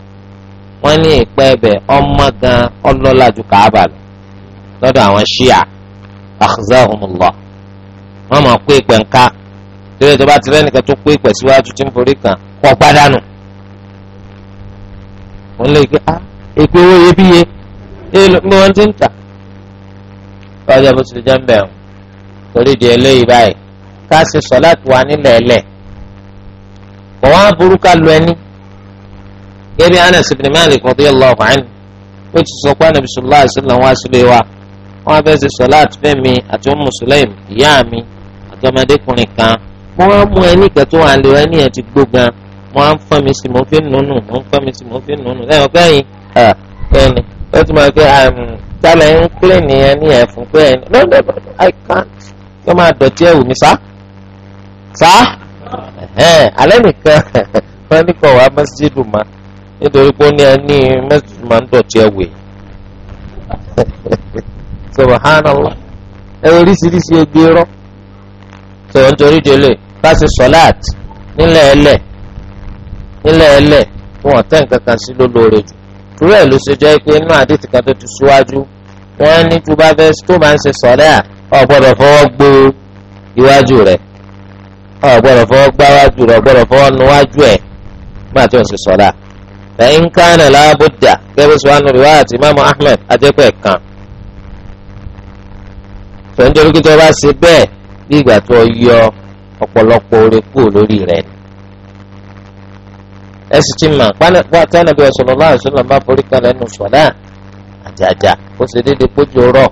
wọ́n ní ìpẹ́ ẹbẹ̀ ọmọ gan ọlọ́lá ju kàábà lọ lọ́dọ̀ àwọn ṣíà akhzahumullah wọ́n máa kó ìpẹ́ ńká torí ìjọba ti rẹ́nìkan tó kó ìpẹ́ síwájú tí ń forí kan kọ́ gbádànù wọ́n lè gbé a èpè owó iyebíye ní wọ́n ti ń tà lọ́jọ́ bó ti jẹ́ ń bẹ̀rù torí di eléyìí báyìí ká ṣe sọláàtì wa nílẹ̀ ẹ̀lẹ̀ kò wá burú ká lu ẹni gẹ́gẹ́ bí Anas ibn Malik radiyallahu anhu ó ti sọ pé anabi sallallahu alaihi wasallam wá sílé wa wọ́n fẹ́ ṣe sọláàtì fẹ́mi àti ọmọ mùsùlẹ́mù ìyá mi àti ọmọdékùnrin kan mo máa ń mú ẹni ìgbà tó wà lé ẹni ẹ̀ ti gbó gan mo máa ń fọ́n mi sí mo fi ń nùnù mo ń fọ́n mi sí mo fi ń nùnù lẹ́yìn ọ̀gbẹ́yìn ẹni ó tún máa fi tálẹ̀ ń pè ní ẹni ẹ̀ fún pé ẹni no sá alẹ́ nìkan [laughs] wọ́n ní kọ̀ wá mẹ́sídùú ma nítorí pé ó ní ẹni mẹ́sídùú ma ń dọ̀tí ẹ̀wẹ̀ [laughs] subhanallah ẹ oríṣiríṣi ẹgbẹ́ rọ́ sọ̀rọ̀ nítorí délé bá ṣe sọ̀láàt nílẹ̀ ẹlẹ̀ nílẹ̀ ẹlẹ̀ wọn tẹ́ nǹkan kan sí lólóore jù túrọ̀ ẹ̀ ló ṣe jẹ́ pé inú àdìtì kan tó ti ṣíwájú wọ́n ní tó bá fẹ́ tó máa ń ṣe sọ̀rẹ́ à ọ̀gbọ́dọ̀ fọwọ́ gbó iwájú rẹ̀ ọ̀gbọ́dọ̀ fọwọ́ gbáwájú rẹ̀ ọ̀gbọ́dọ̀ fọwọ́ nuwájú ẹ̀ máa tó ń ṣe sọ́dá. ẹ̀yin kánà lábùdà gẹ́gẹ́ sọ wánú rìwá àti imáàmù Ahmed adékọ̀ ẹ̀kan. tòǹdé orí kíjọba ṣe bẹ́ẹ̀ bí ìgbà tó yọ ọ̀pọ̀lọpọ̀ orí kúrò lórí rẹ̀ ni. ẹ sì ti mọ̀ pátánàbí ọ̀sọ̀lọ́lá àṣọlọ́ bá forí kan lẹ́nu sọ̀dá àjàjà ó ṣe déédéé pójú rọ̀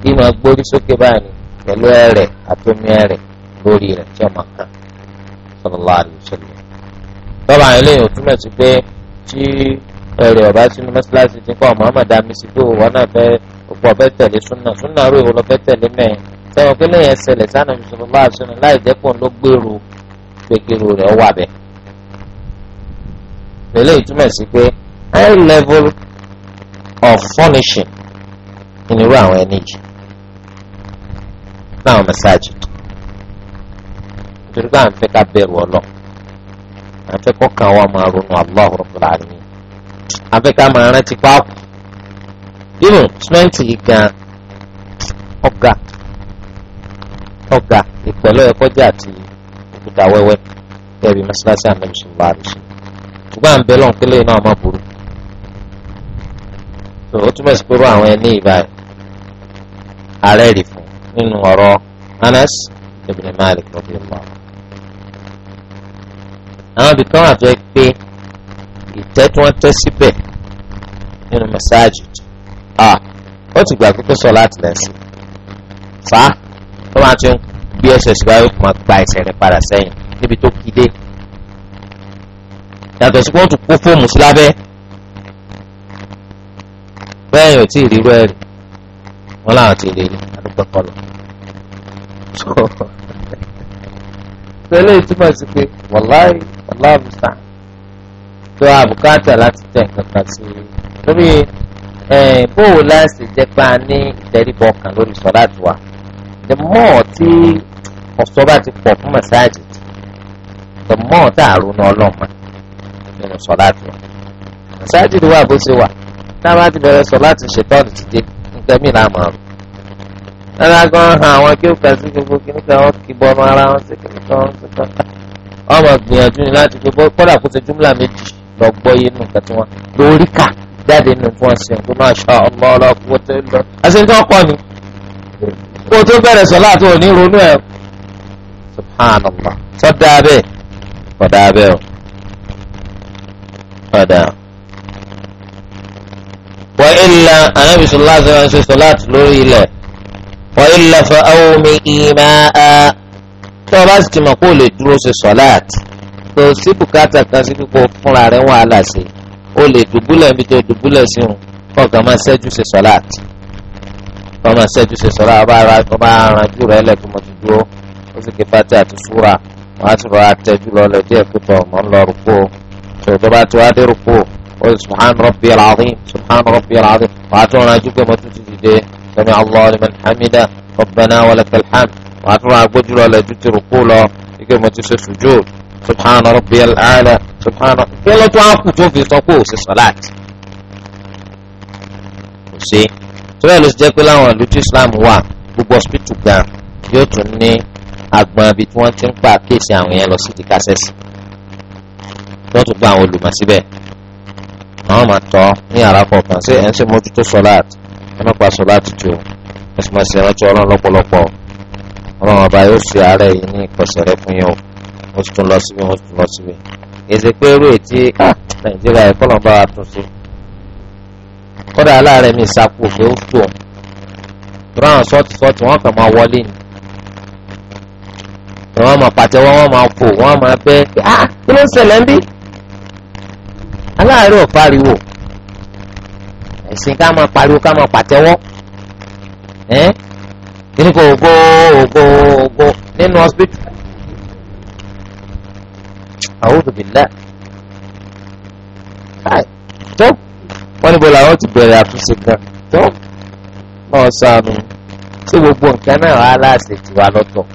bí máa gbórí sókè báyìí pẹ̀lú ẹ̀rẹ̀ àtomi ẹ̀rẹ̀ lórí rẹ̀ tí ọmọ kan sallallahu alaihi wasallam. tọ́ba àwọn eléyìí ò túmọ̀ sí pé tí ẹ̀rẹ̀ ọ̀bá sínú mọ́ṣáláṣí ti kọ́ Muhammad amisi pé òwò náà fẹ́ òpó ọ̀fẹ́ tẹ̀lé súnà súnà rò ìwọ lọ́fẹ́ tẹ̀lé mẹ́rin sẹ́wọ̀n pé lẹ́yìn ẹsẹ̀lẹ̀ sánà sallallahu alaihi wasallam láì jẹ́pọ̀ ló gbèrò gbègbèrò rẹ̀ wà bẹ́ẹ̀. eléyìí túmọ̀ sí pé high level of furnishing ìnirú àwọn ẹni jù náà mẹ́sáàgì nítorí pé à ń fẹ́ ká bẹ̀rù ọlọ à ń fẹ́ kọ́ kan wa máa ronú Allahu Rabbul Alamin à ń fẹ́ ká máa rántí páàkù inú sìmẹ́ǹtì yìí gan ọ̀gá ọ̀gá ìpẹ̀lẹ́ ẹ̀kọ́ jẹ́ àti òkúta wẹ́wẹ́ kẹ́bi mọ́sálásí àmì ṣùgbọ́n àrùsù ṣùgbọ́n à ń bẹ lọ́n pélé náà má burú ó túmọ̀ sí pẹ̀lú àwọn ẹni ìbáyìí ààrẹ rí fún nínú ọ̀rọ̀ Anas ibn Malik radiyallahu anhu àwọn ibì kan wà tó ẹ pé ìtẹ́ tí wọ́n tẹ́ síbẹ̀ nínú mẹ́sáàgì ah ó ti gbà kókó sọ láti lẹ́sìn fa ó máa ti ń gbé ẹsẹ̀ síwájú kó máa gba ẹsẹ̀ rẹ̀ padà sẹ́yìn níbi tó kí dé yàtọ̀ sí pé wọ́n tún kó fóòmù sí lábẹ́ bẹ́ẹ̀ yóò tí ì rírọ ẹ̀rì wọ́n làwọn ti rí àdúgbò kọlọ̀ tẹ́lẹ̀ ìtumọ̀ sí pé wàláì lọ́ọ̀bùsà tó a bùkátà láti tẹ̀ kankan sí i torí bóòwò láìsí jẹ́ pé a ní ìtẹríba ọkàn lórí sọ́dá tó wa the more tí ọ̀sọ́ bá ti pọ̀ fún mẹ́sáàgì the more tá a ronú ọlọ́mọ nínú sọ́dá tó wa mẹ́sáàgì tó wà bó ṣe wà tá a bá ti bẹ̀rẹ̀ sọ láti ṣètọ́nù ti dé nǹkan mìíràn àmọ́ rẹ̀ lára gan-an àwọn kí sí gbogbo kìnnìkan wọn kì ara wọn sí kìnnìkan wọn wọ́n máa gbìyànjú ni láti pé kọ́dà kó ṣe júmùlà méjì lọ gbọ́ yé nù kàtí wọn lórí kà jáde nù fún ọ̀sẹ̀ pé máa ṣọ ọmọ ọlọ́kùnrin tó ń lọ. àṣetí ọkọ ni kó tó bẹ̀rẹ̀ sọ láti òní ronú ẹ̀ subhanallah sọ́dà abẹ́ ọ̀dà abẹ́ o ọ̀dà. wa illa anabi sallallahu alaihi wasallam ṣe sọ láti lórí ilẹ̀ wa illa fa awmi ìmáa tó o bá sì ti mọ̀ kó o lè dúró ṣe sọ̀láàtì kò sí bùkátà kan sí pípọ̀ fúnra rẹ̀ wàhálà sí o lè dùbúlẹ̀ níbi tó dùbúlẹ̀ sí òun kọ́ ọ̀gá máa ṣẹ́jú ṣe sọ̀láàtì kọ́ máa ṣẹ́jú ṣe sọ̀láàtì ọba aranjú rẹ̀ lẹ̀ tó mọ̀ ti dúró ó sì ké pátí àti súra wọ́n á sì rọra tẹ́jú lọ́lẹ̀ díẹ̀ pípọ̀ mọ́ ń lọ rúkú tó tó bá tó wá dé rúkú ó sì subhan rabbiyal wàá tún wàá gbójú lọ lẹ́jú ti rò kó lọ ike mo ti ṣe sùjúd subhana rabbiyal a'la subhana kí ló tún á kù tó fi sọ pé ò sí sọláàtì kò sí tóyẹ ló ti jẹ́ pé láwọn ìlú tí islam wà gbogbo hospital gan yóò tún ní agbọn ibi tí wọ́n ti ń pa kéèsì àwọn yẹn lọ sí di kásẹ̀sì wọ́n tún gba àwọn olùmọ̀ síbẹ̀ àwọn máa tọ́ ní yàrá kọ̀ọ̀kan ṣé ẹ̀ ń ṣe mójútó sọláàtì ẹ̀ má pa sọláàtì tó ẹ̀ sì máa ṣe ẹ̀rọ tí ọlọ́run lọ́pọ̀lọpọ̀ ọlọ́run ọba yóò ṣe àárẹ̀ yìí ní ìkọsẹ̀rẹ́ fún yẹn o mo tún lọ síbi mo tún lọ síbi èsì pé eré tí nàìjíríà ẹ̀kọ́ náà bá wa tún sí kódà aláàárẹ̀ mi sápò pé ó tó tó ráhùn sọ́ọ̀tì sọ́ọ̀tì wọ́n kàn máa wọlé ni ni wọ́n máa pàtẹ́wọ́ wọ́n máa fò wọ́n máa bẹ́ ah kí ló ń ṣẹlẹ̀ ń bí aláàárẹ̀ ò pariwo ẹ̀sìn ká máa pariwo ká máa pàtẹ́wọ́ ẹ́ kíní kò ògo ògo ògo nínú hospital àwùjọ bìlá tó wọn níbo làwọn ti bẹ̀rẹ̀ àtúnṣe gan tó náà sànù tí gbogbo nǹkan náà wà láàṣẹ tiwa lọ́tọ̀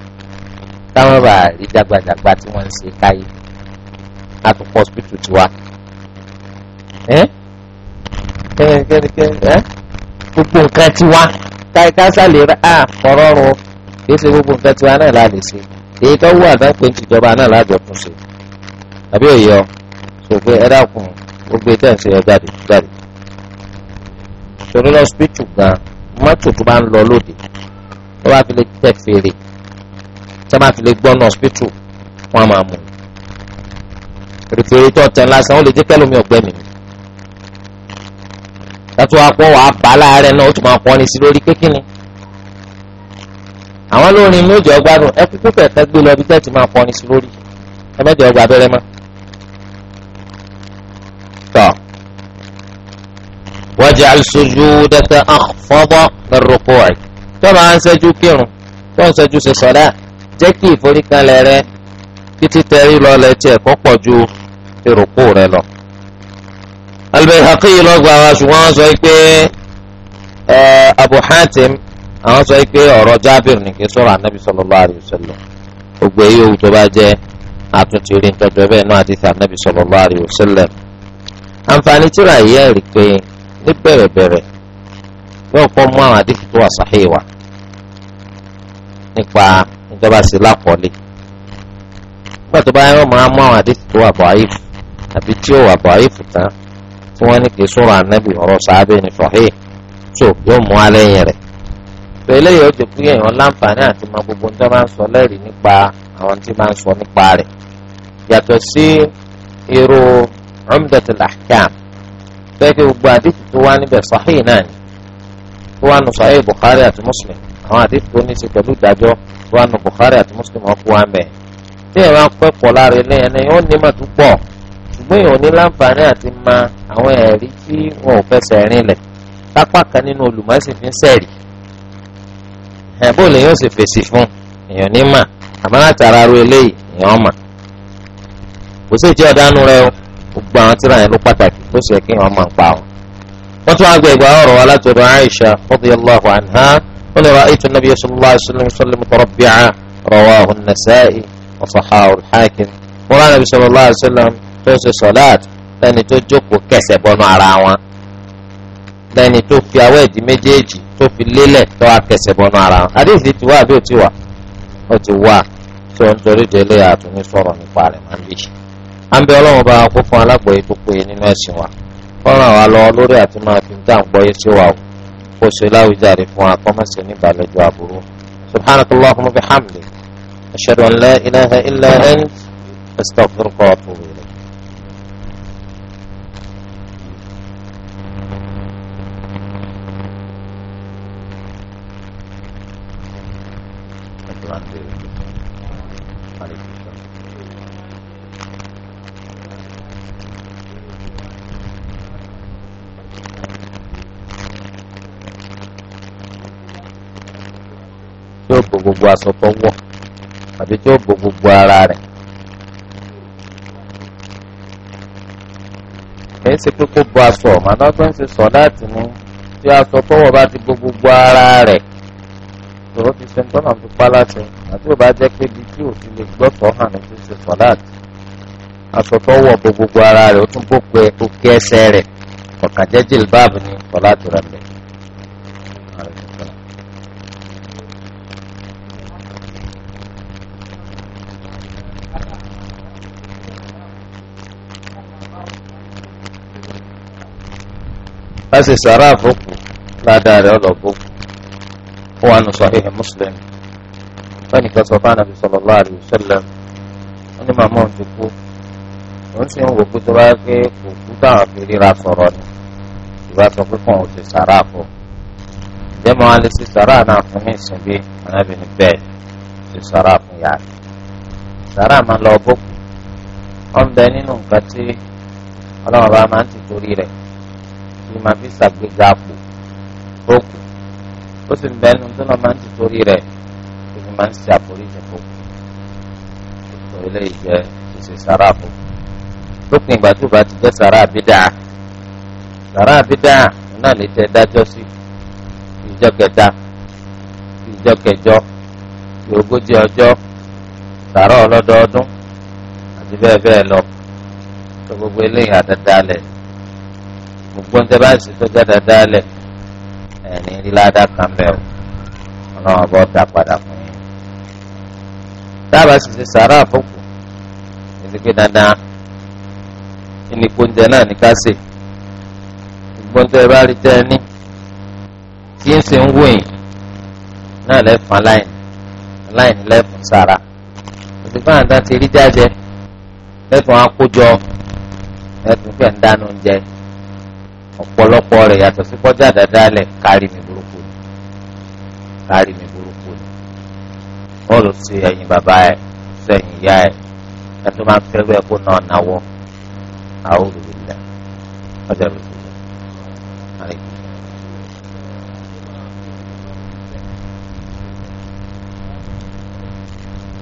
táwọn bá rí dàgbàdàgbà tí wọ́n ń ṣe káyé àtúnkọ́ hospital tiwa ẹ kẹ́ni kẹ́ni kẹ́ni ẹ gbogbo nǹkan tiwa káìkásá lè rà á ọ̀rọ̀rùn kìí ṣe gbogbo nǹkan tiwa náà láàlè ṣe èyí tó wà dápẹ́ tìjọba náà lájọkùn ṣe àbí òye ọ ṣògbé ẹ dákun gbogbo ètò ẹ̀ ń ṣe ọ jáde jáde torí lọ sípìtù gan mọ́tò tó bá ń lọ lóde tó bá fi lè tẹ̀ fèrè tó bá fi lè gbọ́ náà fún àmàmù rìpèrè tó tẹ̀ lásán ó lè jẹ́ kẹ́lómi ọ̀gbẹ́ni mi tàtó apọ̀ wàá fà á láàárẹ̀ náà ó tún máa pọ́nrin sí lórí kékeré àwọn lórin ní òjò ọgbádùn ẹ kúkú kẹ̀kẹ́ gbé lọ bí tẹ́tì máa pọ́nrin sí lórí ẹ mẹ́jọ ọgbà abẹ́rẹ́ mọ́. tọ́ waj'al sujudaka akhfada lirruku' tó máa ń ṣẹ́jú kírun tó ń ṣẹ́jú ṣe sọ̀dá jẹ́ kí ìforíkanlẹ̀ rẹ kí títẹrí lọ lẹ́tì ẹ̀kọ́ pọ̀ ju ìrùkú rẹ lọ. Al-Bayhaqi lọ́gbà wa ṣùgbọ́n wọ́n sọ pé Abu Hatim àwọn sọ pé ọ̀rọ̀ Jábìrì ní kí sọ̀rọ̀ anábì sallallahu alayhi wa sallam gbogbo èyí òwú tó bá jẹ́ àtúntì orí ntọ́jú ẹbẹ̀ náà àti ti anábì sallallahu alayhi wa sallam. àǹfààní tíra yìí ẹ̀rí pé ní bẹ̀rẹ̀bẹ̀rẹ̀ yóò kọ́ mú àwọn àdìsí tó wà sàhíì wa nípa ìjọba sí lápọ̀lé nígbà tó bá yẹ tí wọ́n ní kì í sọ̀rọ̀ ànábì ọ̀rọ̀ sàábẹ̀ ní sọ̀hí tó yóò mú alẹ́yìn rẹ̀. pẹ̀lẹ́ yóò jẹ́ pé èèyàn láǹfààní àti mọ gbogbo ní máa ń sọ lẹ́rìí nípa àwọn tí máa ń sọ nípa sí irú kí gbogbo tó wá Bukhari àti Muslim àwọn tó ní í ṣe Bukhari àti Muslim ọkùnrin tí èèyàn máa ilé ẹni ní ṣùgbọ́n èèyàn ní láǹfààní àti ma àwọn ẹ̀rí tí wọn ò fẹsẹ̀ rinlẹ̀ lápá kan nínú olùmọ̀ọ́sìn fi ń sẹ̀rí ẹ̀ bó lè yóò sì fèsì fún èèyàn ní mà àmọ́ látara ru eléyìí èèyàn mà kò sí ìjọ ọ̀dánù rẹ o gbogbo àwọn tíra yẹn ló pàtàkì ló sì yẹ kí èèyàn máa ń pa ọ. wọ́n tún àgbẹ̀ ìgbà ọ̀rọ̀ wa láti ọ̀dọ̀ Aisha radiyallahu ó lè ra ètò nàbí sallallahu alaihi wasallam sallam tarabbi'a tó ṣe sọ̀láàt lẹ́ni tó jókòó kẹsẹ̀ ara wọn lẹ́ni tó fi awọ́ méjèèjì tó fi lélẹ̀ tó wá kẹsẹ̀ ara wọn àdéhìí ti wá àbí ò ti wà ó ti wà tó ń torí délé àtúnú sọ̀rọ̀ nípa rẹ̀ máa ń bì à ń bẹ ọlọ́run bá wa kó fún tó péye nínú ẹ̀sìn wa wa lọ lórí àti máa fi gbogbo aṣọ tó wọ̀ àbí tí ó bo gbogbo ara rẹ̀. kìí ṣe pé kó bo aṣọ màdá tó ń ṣe sọ láti mú tí aṣọ tó wọ̀ bá ti bo gbogbo ara rẹ̀ ìṣòro ti ṣe ń tọ́nà fi pa láti àti ò bá jẹ́ pé ibi tí ò ti lè gbọ́tọ̀ hàn ní ti ṣe sọ láti aṣọ tó wọ̀ bo gbogbo ara rẹ̀ ó tún bó pé kó kí ẹsẹ̀ rẹ̀ ní sọ láti ká ṣe sàrà àfọkù ládàá rẹ ọlọpọ ó Muslim wọn nìkan sọ fún sallallahu alaihi wasallam ti kú òun sì ń wò pé tó bá gbé òkú táwọn fi ríra ni ìbá sọ pé kàn ó ṣe sàrà àfọ ǹjẹ́ mo wá lè ṣe sàrà náà ni màá fi ṣàgbéga àpò òkú ó sì ń bẹ ẹnu tó náà máa ń tìtorí rẹ̀ tó fi máa ń ṣe àforíjì fòkù tó ilé ìjẹ ìṣe sára fò lópin ìgbà tó bá ti jẹ́ sára àbídà sára àbídà náà lè tẹ dájọ́ sí ìjọ kẹta ìjọ kẹjọ ìogójì ọjọ́ sàrà ọlọ́dọọdún àti bẹ́ẹ̀ bẹ́ẹ̀ lọ gbogbo eléyìí àdáda lẹ̀ gbogbo ń tẹ bá sì tó jáde dálẹ̀ ẹni ríládá kan bẹ̀ o ọlọ́run ọba ọ̀dà padà fún yín. dábàá sì ṣe sàrà àfọ́kù ètò pé dandan ẹni kóúnjẹ náà ní ká sè gbogbo ń tẹ bá rí tẹ́ ẹ ní tí ń sè ń wò yín náà lẹ́fọn láìní láìní lẹ́fọn sára ètò pé ti rí jáde lẹ́fọn akójọ ẹ̀tún ń dáná oúnjẹ ọ̀pọ̀lọpọ̀ rẹ̀ yàtọ̀ sí kọjá dáadáa lẹ̀ kárí mi burúkú ni kárí mi burúkú ni wọ́n lọ sí ẹ̀yìn bàbá ẹ̀ sí ẹ̀yìn ìyá ẹ̀ ẹ̀tọ́ máa ń fẹ́rù ẹ̀kọ́ náà náwọ́ àwọn olùdílẹ̀ ọjà rẹ̀ tó jẹ́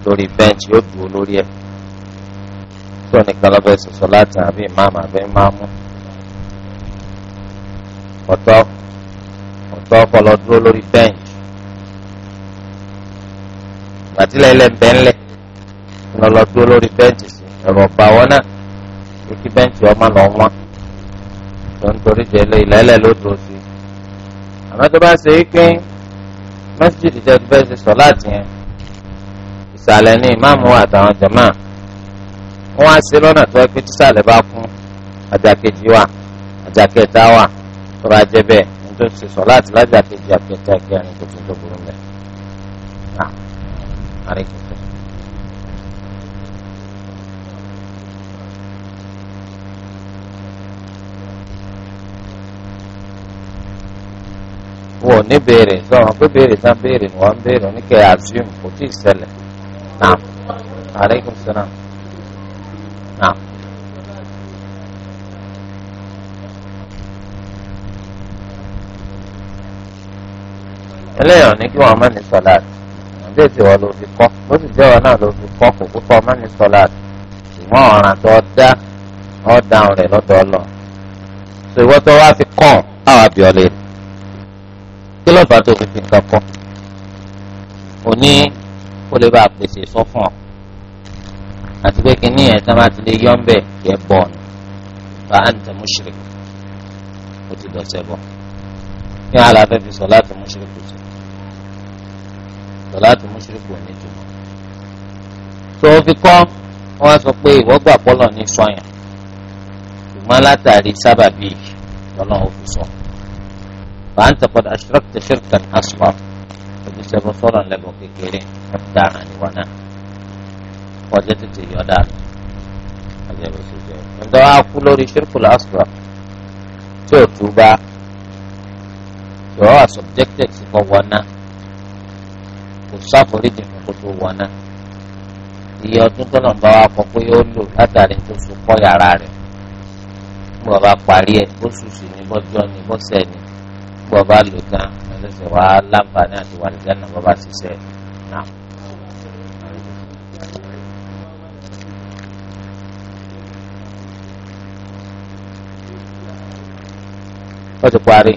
lórí bẹ́ǹchì ó dùn ó lórí ẹ̀ tí ní kálọ́bẹ̀ẹ́sì sọ láti àbí ìmáàmù àbí ìmáàmù ọ̀tọ̀ ọ̀tọ̀ ọpọlọ dúró lórí bẹ́ǹch gbàtílẹ̀ ilẹ̀ ń bẹ́ ńlẹ̀ lọlọ dúró lórí bẹ́ǹch sí ẹ̀rọ ọ̀bà wọn náà kí bẹ́ǹch ọmọ lọ wọn tó ń torí jẹ ilé ìlẹ́lẹ̀ ló dúró sí àmọ́ tó bá ṣe é pé mẹ́síjìdì jẹ́ tó bẹ́ẹ̀ ṣe sọ láti yẹn ìsàlẹ̀ ní ìmáàmù àtàwọn jàmáà wọ́n á ṣe lọ́nà tó ẹ pé tísàlẹ̀ bá kún àjàkejì wà àjàkẹta wà tọ́ra jẹ́ bẹ́ẹ̀ nítorí ti sọ láti lájà kejì àkẹta ìkẹrin kò tó tó burú mẹ́. wọ́n ní béèrè sọ wọn pé béèrè tán béèrè ni wọ́n ń béèrè oníkẹ́ àzíùm kò tí ì ṣẹlẹ̀ náà. aleykum salaam. ẹlẹ́yìn ní kí wọ́n má ní sọ́láàtì ọjọ́ ìsìn wọn ló fi kọ́ ó sì jẹ́ wọn náà ló fi kọ́ kò púpọ̀ má ní sọ́láàtì ṣùgbọ́n ọ̀ràn tó dá ọ̀daràn rẹ̀ lọ́dọ̀ ọlọ́ ṣe ìwọ́n tó wá fi kọ́ àwọn abíọ́lẹ̀ kí ló bá tó fi fi nǹkan kọ́ òní kó lè bá pèsè sọ́fún ọ àti pé kí ní ẹ̀sán bá ti lè yọ́ ńbẹ̀ yẹ bọ̀ bá a ń tẹ̀ mú ṣìrìkì ó ti dọ̀sẹ̀ bọ̀ kí wọ́n á fi sọ láti mú ṣìrìkì tó sọláàtù mọ́ṣíríkù onítùmọ̀ tó o fi kọ́ wọ́n sọ pé ìwọ gbà pọ́lọ̀ ní sọyàn ṣùgbọ́n látàrí sábàbí lọ́nà òfin sọ fàǹtà pọ̀t aṣọ́rọ̀kìtà ṣọ́rọ̀kìtà asọ́ òbíṣẹ́bọ̀ sọ̀rọ̀ lẹ́bọ̀ kékeré ọ̀dà àníwọ̀n náà kọjá tètè yọ̀dà ọjọ́ bó ṣe jẹ́ ǹjẹ́ wàá kú lórí ṣírkùlù asọ́ tí ò túbà tí wọ́n wà subjected sí náà kò sáforíjì fún kó tó wọ̀ náà iye ọdún tó náà bá wa kọ pé ó lò látàrí tó so kọ́ yàrá rẹ̀ bí wọ́n bá parí ẹ̀ bó ṣùṣù ní bọ́jọ́ ní bọ́sẹ̀ ní bí wọ́n bá lò tán ẹlẹ́sẹ̀ wá láǹfààní àti wàlìjẹ́ náà bọ́ ṣiṣẹ́ náà. wọ́n ti parí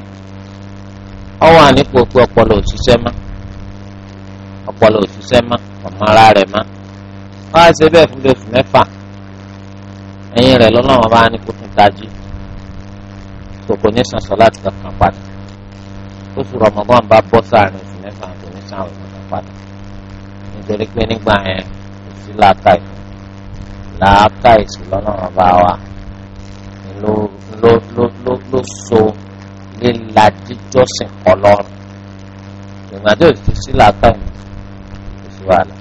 ọ̀wọ́n àníkò pé ọpọlọ òṣìṣẹ́ máa ọpọlọ òṣìṣẹ́ mọ́ ọmọ ara rẹ̀ mọ́ wọ́n á ṣe bẹ́ẹ̀ fún bí oṣù mẹ́fà ẹ̀yìn rẹ̀ lọ́nà wọn bá ní kó tún tají kòkò ní sàn sọláàtì kankan padà oṣù Ramadan bá bọ́ sáàrin oṣù mẹ́fà kò ní sàn àwọn kankan padà nítorí pé nígbà yẹn kò sí làákàyè làákàyè sí lọ́nà wọn bá wà ló ló ló ló so líla jíjọ́sìn ìgbà tó ti sí làákàyè वाला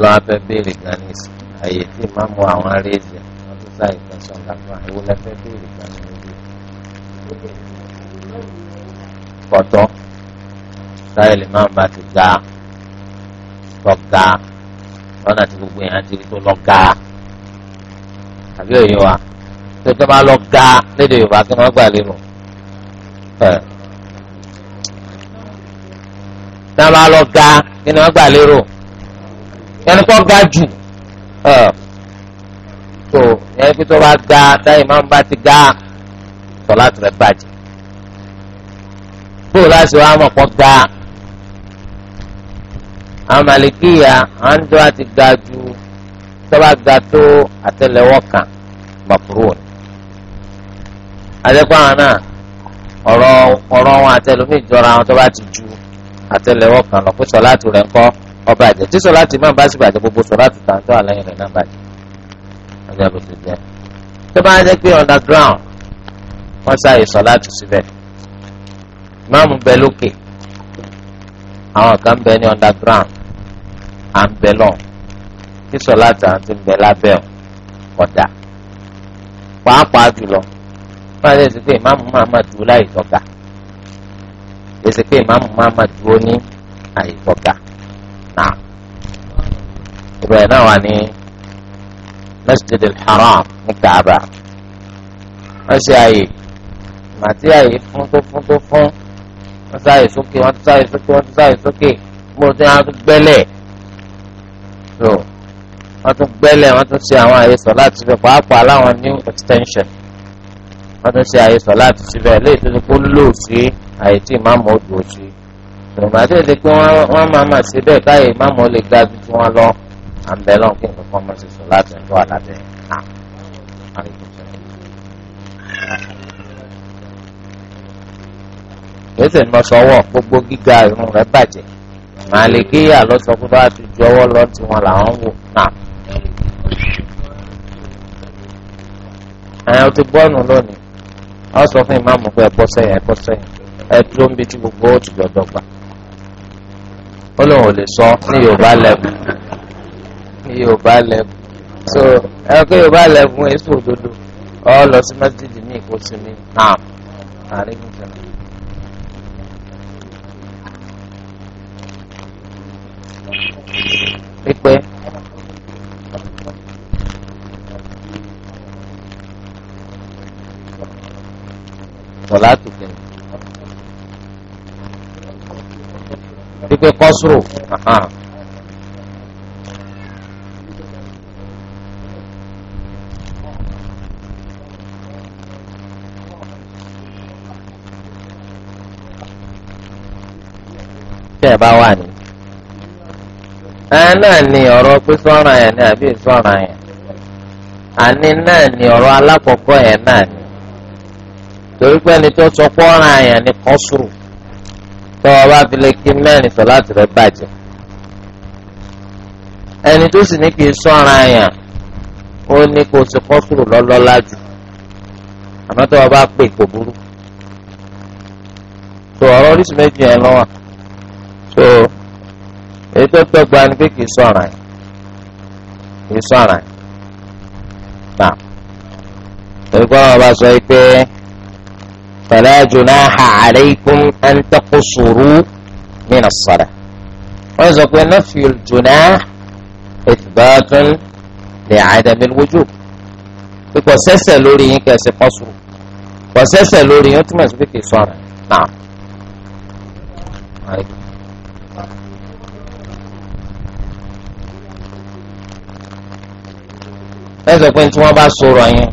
lọ abẹ béèrè gan ní àyè tí màá mú àwọn aréèjì wọn tó sáyé kan sọ lápá ìwọ lẹfẹ béèrè gan ní ojú. pọtọ. táyà lè máa bá ti ga lọ́ga lọ́nà tí gbogbo yẹn á ti rí tó lọ́ga àbí òye wa tó tó bá lọ́ga lédè Yorùbá kí wọ́n gbà lérò ẹ̀ tá a bá lọ́ga kí wọ́n gbà lérò ẹni kọ́ ga jù tó yẹn kí tó bá ga táyà máa bá ti ga sọ láti rẹ̀ bàjẹ́ bóòlù àti wàhámọ̀ pọ̀ ga àwọn màlìkíyà àwọn tó bá ti ga ju tó bá ga tó àtẹ́lẹwọ́ kan makurun adẹ́kọ̀ àwọn náà ọ̀rọ̀ ọ̀rọ̀ wọn àtẹlómi jọra àwọn tó bá ti ju àtẹ́lẹwọ́ kan lọ fún sọláàtù rẹ̀ ńkọ́ ọba àjẹ tí sọláàtù máa bá sì bàjẹ́ gbogbo sọláàtù tàǹtọ́ àlẹ́yìn rẹ̀ náà bàjẹ́ ọjà bó ti jẹ́ tó bá jẹ́ pé underground wọ́n ṣàyè sọláàtù síbẹ̀ máàmù bẹ lókè. Okay àwọn kan bẹ ní underground à ń bẹ lọ kí sọlá tàn ti bẹ lábẹ́ ọ ọ̀dà pàápàá jùlọ wọn àti ẹsẹ pé ìmáàmù máa dúró láì tọ́ka ẹsẹ pé ìmáàmù máa dúró ní àyè tọ́ka náà ìbẹ̀rẹ̀ náà wà ní Masjid al-Haram ní Kaaba wọ́n ṣe àyè màtí àyè fún tó fún tó fún wọ́n sáré sókè wọ́n sáré sókè wọ́n sáré sókè gbogbo tí wọ́n tún gbẹ́lẹ̀ so wọ́n tún gbẹ́lẹ̀ wọ́n tún ṣe àwọn àyè sọ láti síbẹ̀ pàápàá láwọn new extension wọ́n tún ṣe àyè sọ láti síbẹ̀ léyìí tó ti kó lò sí àyè tí ìmáàmù ó dùn sí ìgbà tó ti pé wọ́n máa mà ṣe bẹ́ẹ̀ káyè ìmáàmù ó lè ga tí wọ́n lọ àǹbẹ̀lọ́n kí nǹkan kan mọ̀ sí sọ láti ń lọ náà kèsè ń lọ sọwọ́ gbogbo gíga irun rẹ̀ bàjẹ́ màlìkéyà lọ sọ pé bá ti ju ọwọ́ lọ tí wọn làwọn wò náà. àwọn ti bọ́ọ̀nù lónìí wọ́n sọ fún ìmáàmù pé ẹ̀kọ́ sẹ́yìn ẹ̀kọ́ sẹ́yìn ẹ̀dúró ń bi tí gbogbo ó ti gbọdọ̀ gbà. ó lóun ò lè sọ ní yorùbá lẹ́bù ní yorùbá lẹ́bù so ẹ̀kọ́ yorùbá lẹ́bù èso òdodo ọ lọ sí mẹ́sídìí ní ìkó sinmi náà àríkùn sẹ́yìn. pípẹ́ sọ̀látù kìnnì pípẹ́ kọ́sùrù tẹ́ ẹ bá wà ní. ẹ náà ni ọ̀rọ̀ pé yẹn ni àbí sọ́ra yẹn àní náà ni ọ̀rọ̀ alákọ̀ọ́kọ́ yẹn náà ni torí pé ẹni tó sọ pọ́ra yẹn ni kọ́sùrù tó o bá fi lè kí o sọ láti rẹ ẹni tó sì ní kí yẹn ó ní kó o sì kọ́sùrù lọ́lọ́lá jù àmọ́ tó o bá pè kò burú tó ọ̀rọ̀ oríṣi méjì ètò tọgbà ni pé kì í sọ̀ràn ẹ̀ kì í sọ̀ràn ẹ̀ nà orúkọ kọ́ ọba sọ yìí pé fala junaha alaykum an taqsuru min as sọ̀rọ̀ wọ́n sọ pé nafyul junah ithbatun li adam al-wujub pípọ̀ sẹ́sẹ̀ lórí yín kẹ́ kẹsì kọ́sùrù pọ̀ sẹ́sẹ̀ lórí yín ó túmọ̀ sí pé kì í sọ̀ràn ẹ̀ nà. ẹ sọ pé tí wọ́n bá sọ̀rọ̀ yẹn.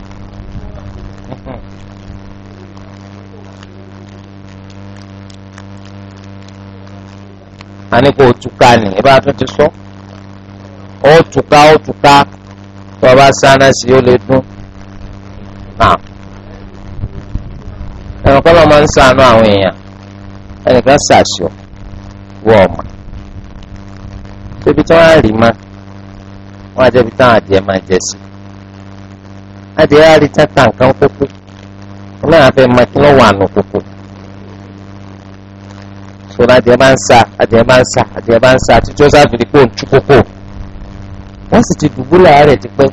àníkò òtúká ni ẹ bá tún ti sọ òtúká òtúká tó o bá sáná sí ó lè dún ẹ̀rọ kọ́lọ́ máa ń sànú àwọn èèyàn ẹnìkan ṣàṣọ wọ ọmọ tóbi tí wọ́n á rí ma wọ́n á jẹ́ bí táwọn adìẹ máa jẹ sí adìyẹ àrí tata nǹkan kókó náà fẹ́ mọ kí wọ́n wà nù kókó sọlá adìyẹ bá ń sa adìyẹ bá ń sa adìyẹ bá ń sa àti tí ó sáfìrí pé ó ń tú kókó wọ́n sì ti dùbúlẹ̀ rẹ̀ tipẹ́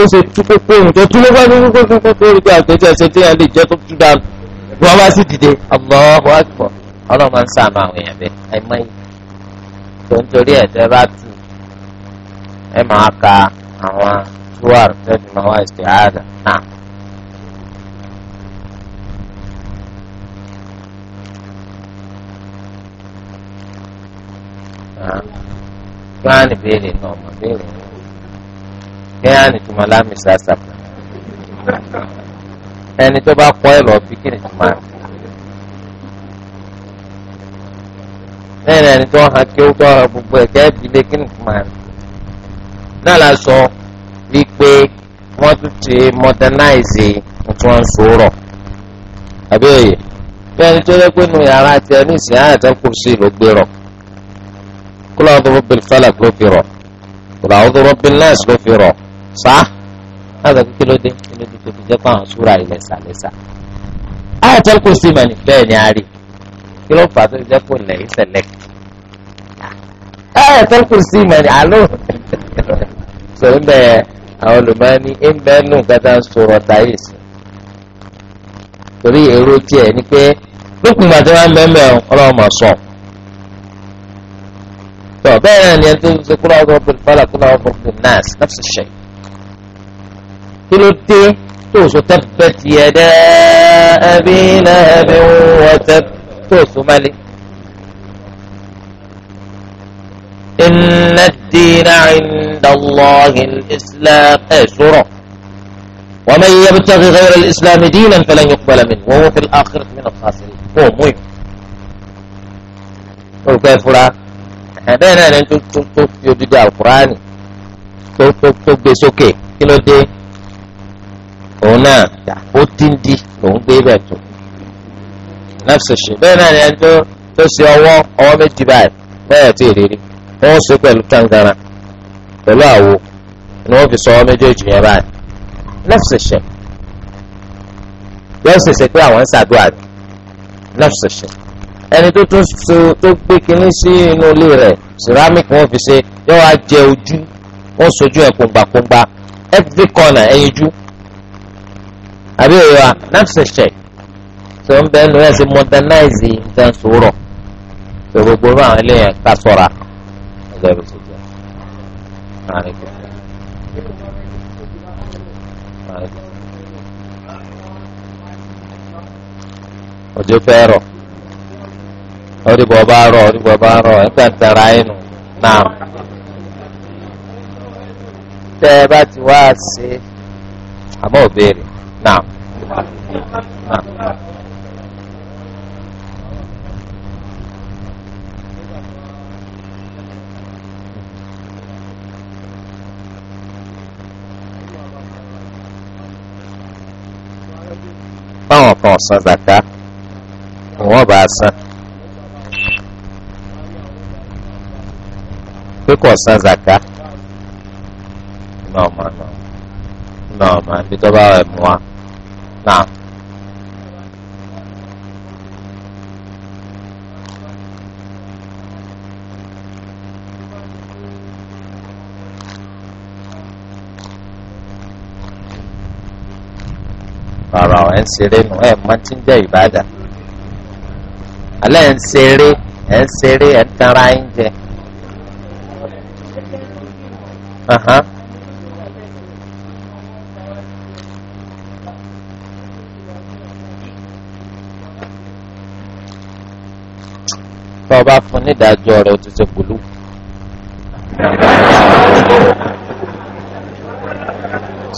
ó ṣe tú kókó ohun tó tú lọ́gbà ní kókó kókó orí pé àgbẹ̀jẹ̀ ṣe tí yẹn lè jẹ́ tó tú dànù ni wọ́n bá sì dìde Allahu Akbar ọlọ́run máa ń sàánú àwọn èèyàn bẹ́ẹ̀ àìmọ́ yìí tó ń torí ẹ̀ tẹ́ bá tù ẹ̀ máa ka àdúrà tẹ́lẹ̀ máa wá isti'adha náà. kíláàni béèrè náà mọ̀ béèrè náà kíláàni tó máa lámì sàṣàpà ẹni tó bá kọ́ ẹ̀ lọ bí kí ni tó máa rẹ̀. lẹ́yìn ẹni tó hàn kí ó tọ́ gbogbo ẹ̀kẹ́ ìbílẹ̀ kí ni tó máa rẹ̀. náà la sọ wọ́n tún ti modernize tí wọ́n ń sòrọ̀ àbí òye bí ẹni tó lé pé nu yàrá àti ẹni ìsìn àyàtọ̀ kù sí ló gbé rọ̀ kúlọ̀ ọdún rọ́bìn falak ló fi rọ̀ kúlọ̀ ọdún rọ́bìn nọ́ọ̀sì ló fi rọ̀ sá láti kí ló dé kí ló dé tó fi jẹ́ pé àwọn sùúrà ilẹ̀ sàlẹ̀sà àyàtọ̀ kù sí mọ̀ ní bẹ́ẹ̀ ni a rí kí ló fà tó jẹ́ pé ilẹ̀ [laughs] yìí àwọn olùmọ̀ọ́ni ń bẹ́ẹ̀ nù kẹta sọ̀rọ̀ táyé sí torí èrò tiẹ̀ ni pé lókun gbàtẹ́ wọn mẹ́mẹ́ ọlọ́run mọ̀ sọ. tọ́ bẹ́ẹ̀ náà ni ẹni tó ṣe kúrò ọ̀rọ̀ pẹ̀lú bọ́lá kúrò ọ̀rọ̀ pẹ̀lú nọ́ọ̀sì nọ́ọ̀sì ṣẹ̀. kí ló dé tó o sọ tẹ́pẹ́ ti ẹ̀ dẹ́ ẹbí náà ẹbí wọ́n tẹ́ tó o sọ mẹ́lẹ́. inna ad عند الله الإسلام أجر إيه، ومن يبتغي غير الإسلام دينا فلن يقبل منه وهو في الآخرة من الخاسرين هو مهم وكيف لا هذا أنا أنت تك تك يدجع القرآن تك تك تك بس أوكي كلو دي هنا تحبوتين دي لهم بيباتو نفس الشيء بينا أنا أنت تسي الله أو مجبال ما يتيري هو سوكي لتنقران pẹ̀lú àwo ni wọ́n fi sọ ọ́ méjèèjì yẹn báyìí nafsẹ̀ṣẹ̀ yóò ṣèṣe pé àwọn ń ṣàdúrà nafsẹ̀ṣẹ̀ ẹni tó tún so tó gbé kinní sí inú ilé rẹ̀ ceramic wọ́n fi ṣe yóò wá jẹ ojú wọ́n sojú ẹ̀ kóńgbàkóńgbà every corner ẹyin jú àbí òye wa nafsẹ̀ṣẹ̀ tó ń bẹ́ẹ̀ nù ẹ̀ sí modernize nǹkan gbogbo àwọn eléyàn ká sọ̀ra. Thank you. عليكم عليكم òjò fẹ́ rọ̀ oríbọ̀ bá rọ̀ oríbọ̀ bá rọ̀ ẹ̀ka tẹ̀ra inú náà tẹ́ ẹ bá ti wá ṣe àmọ́ òbéèrè náà. báwọn kan ọ̀sán zaka wọ́n bá a san pé kò san zaka náà mà náà náà mà níbi tó bá wà mú wa náà. ẹ̀ ń ṣeré nù ẹ̀ mọ́ tí ń jẹ́ ìbádà alẹ́ ẹ̀ ń ṣeré ẹ̀ ń ṣeré ẹ̀ ń tanra ẹ̀ ń jẹ. tọ́ ọba fún nídàájọ́ rẹ̀ ó ti ṣe pẹ̀lú.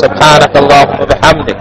سبحانك اللهم وبحمدك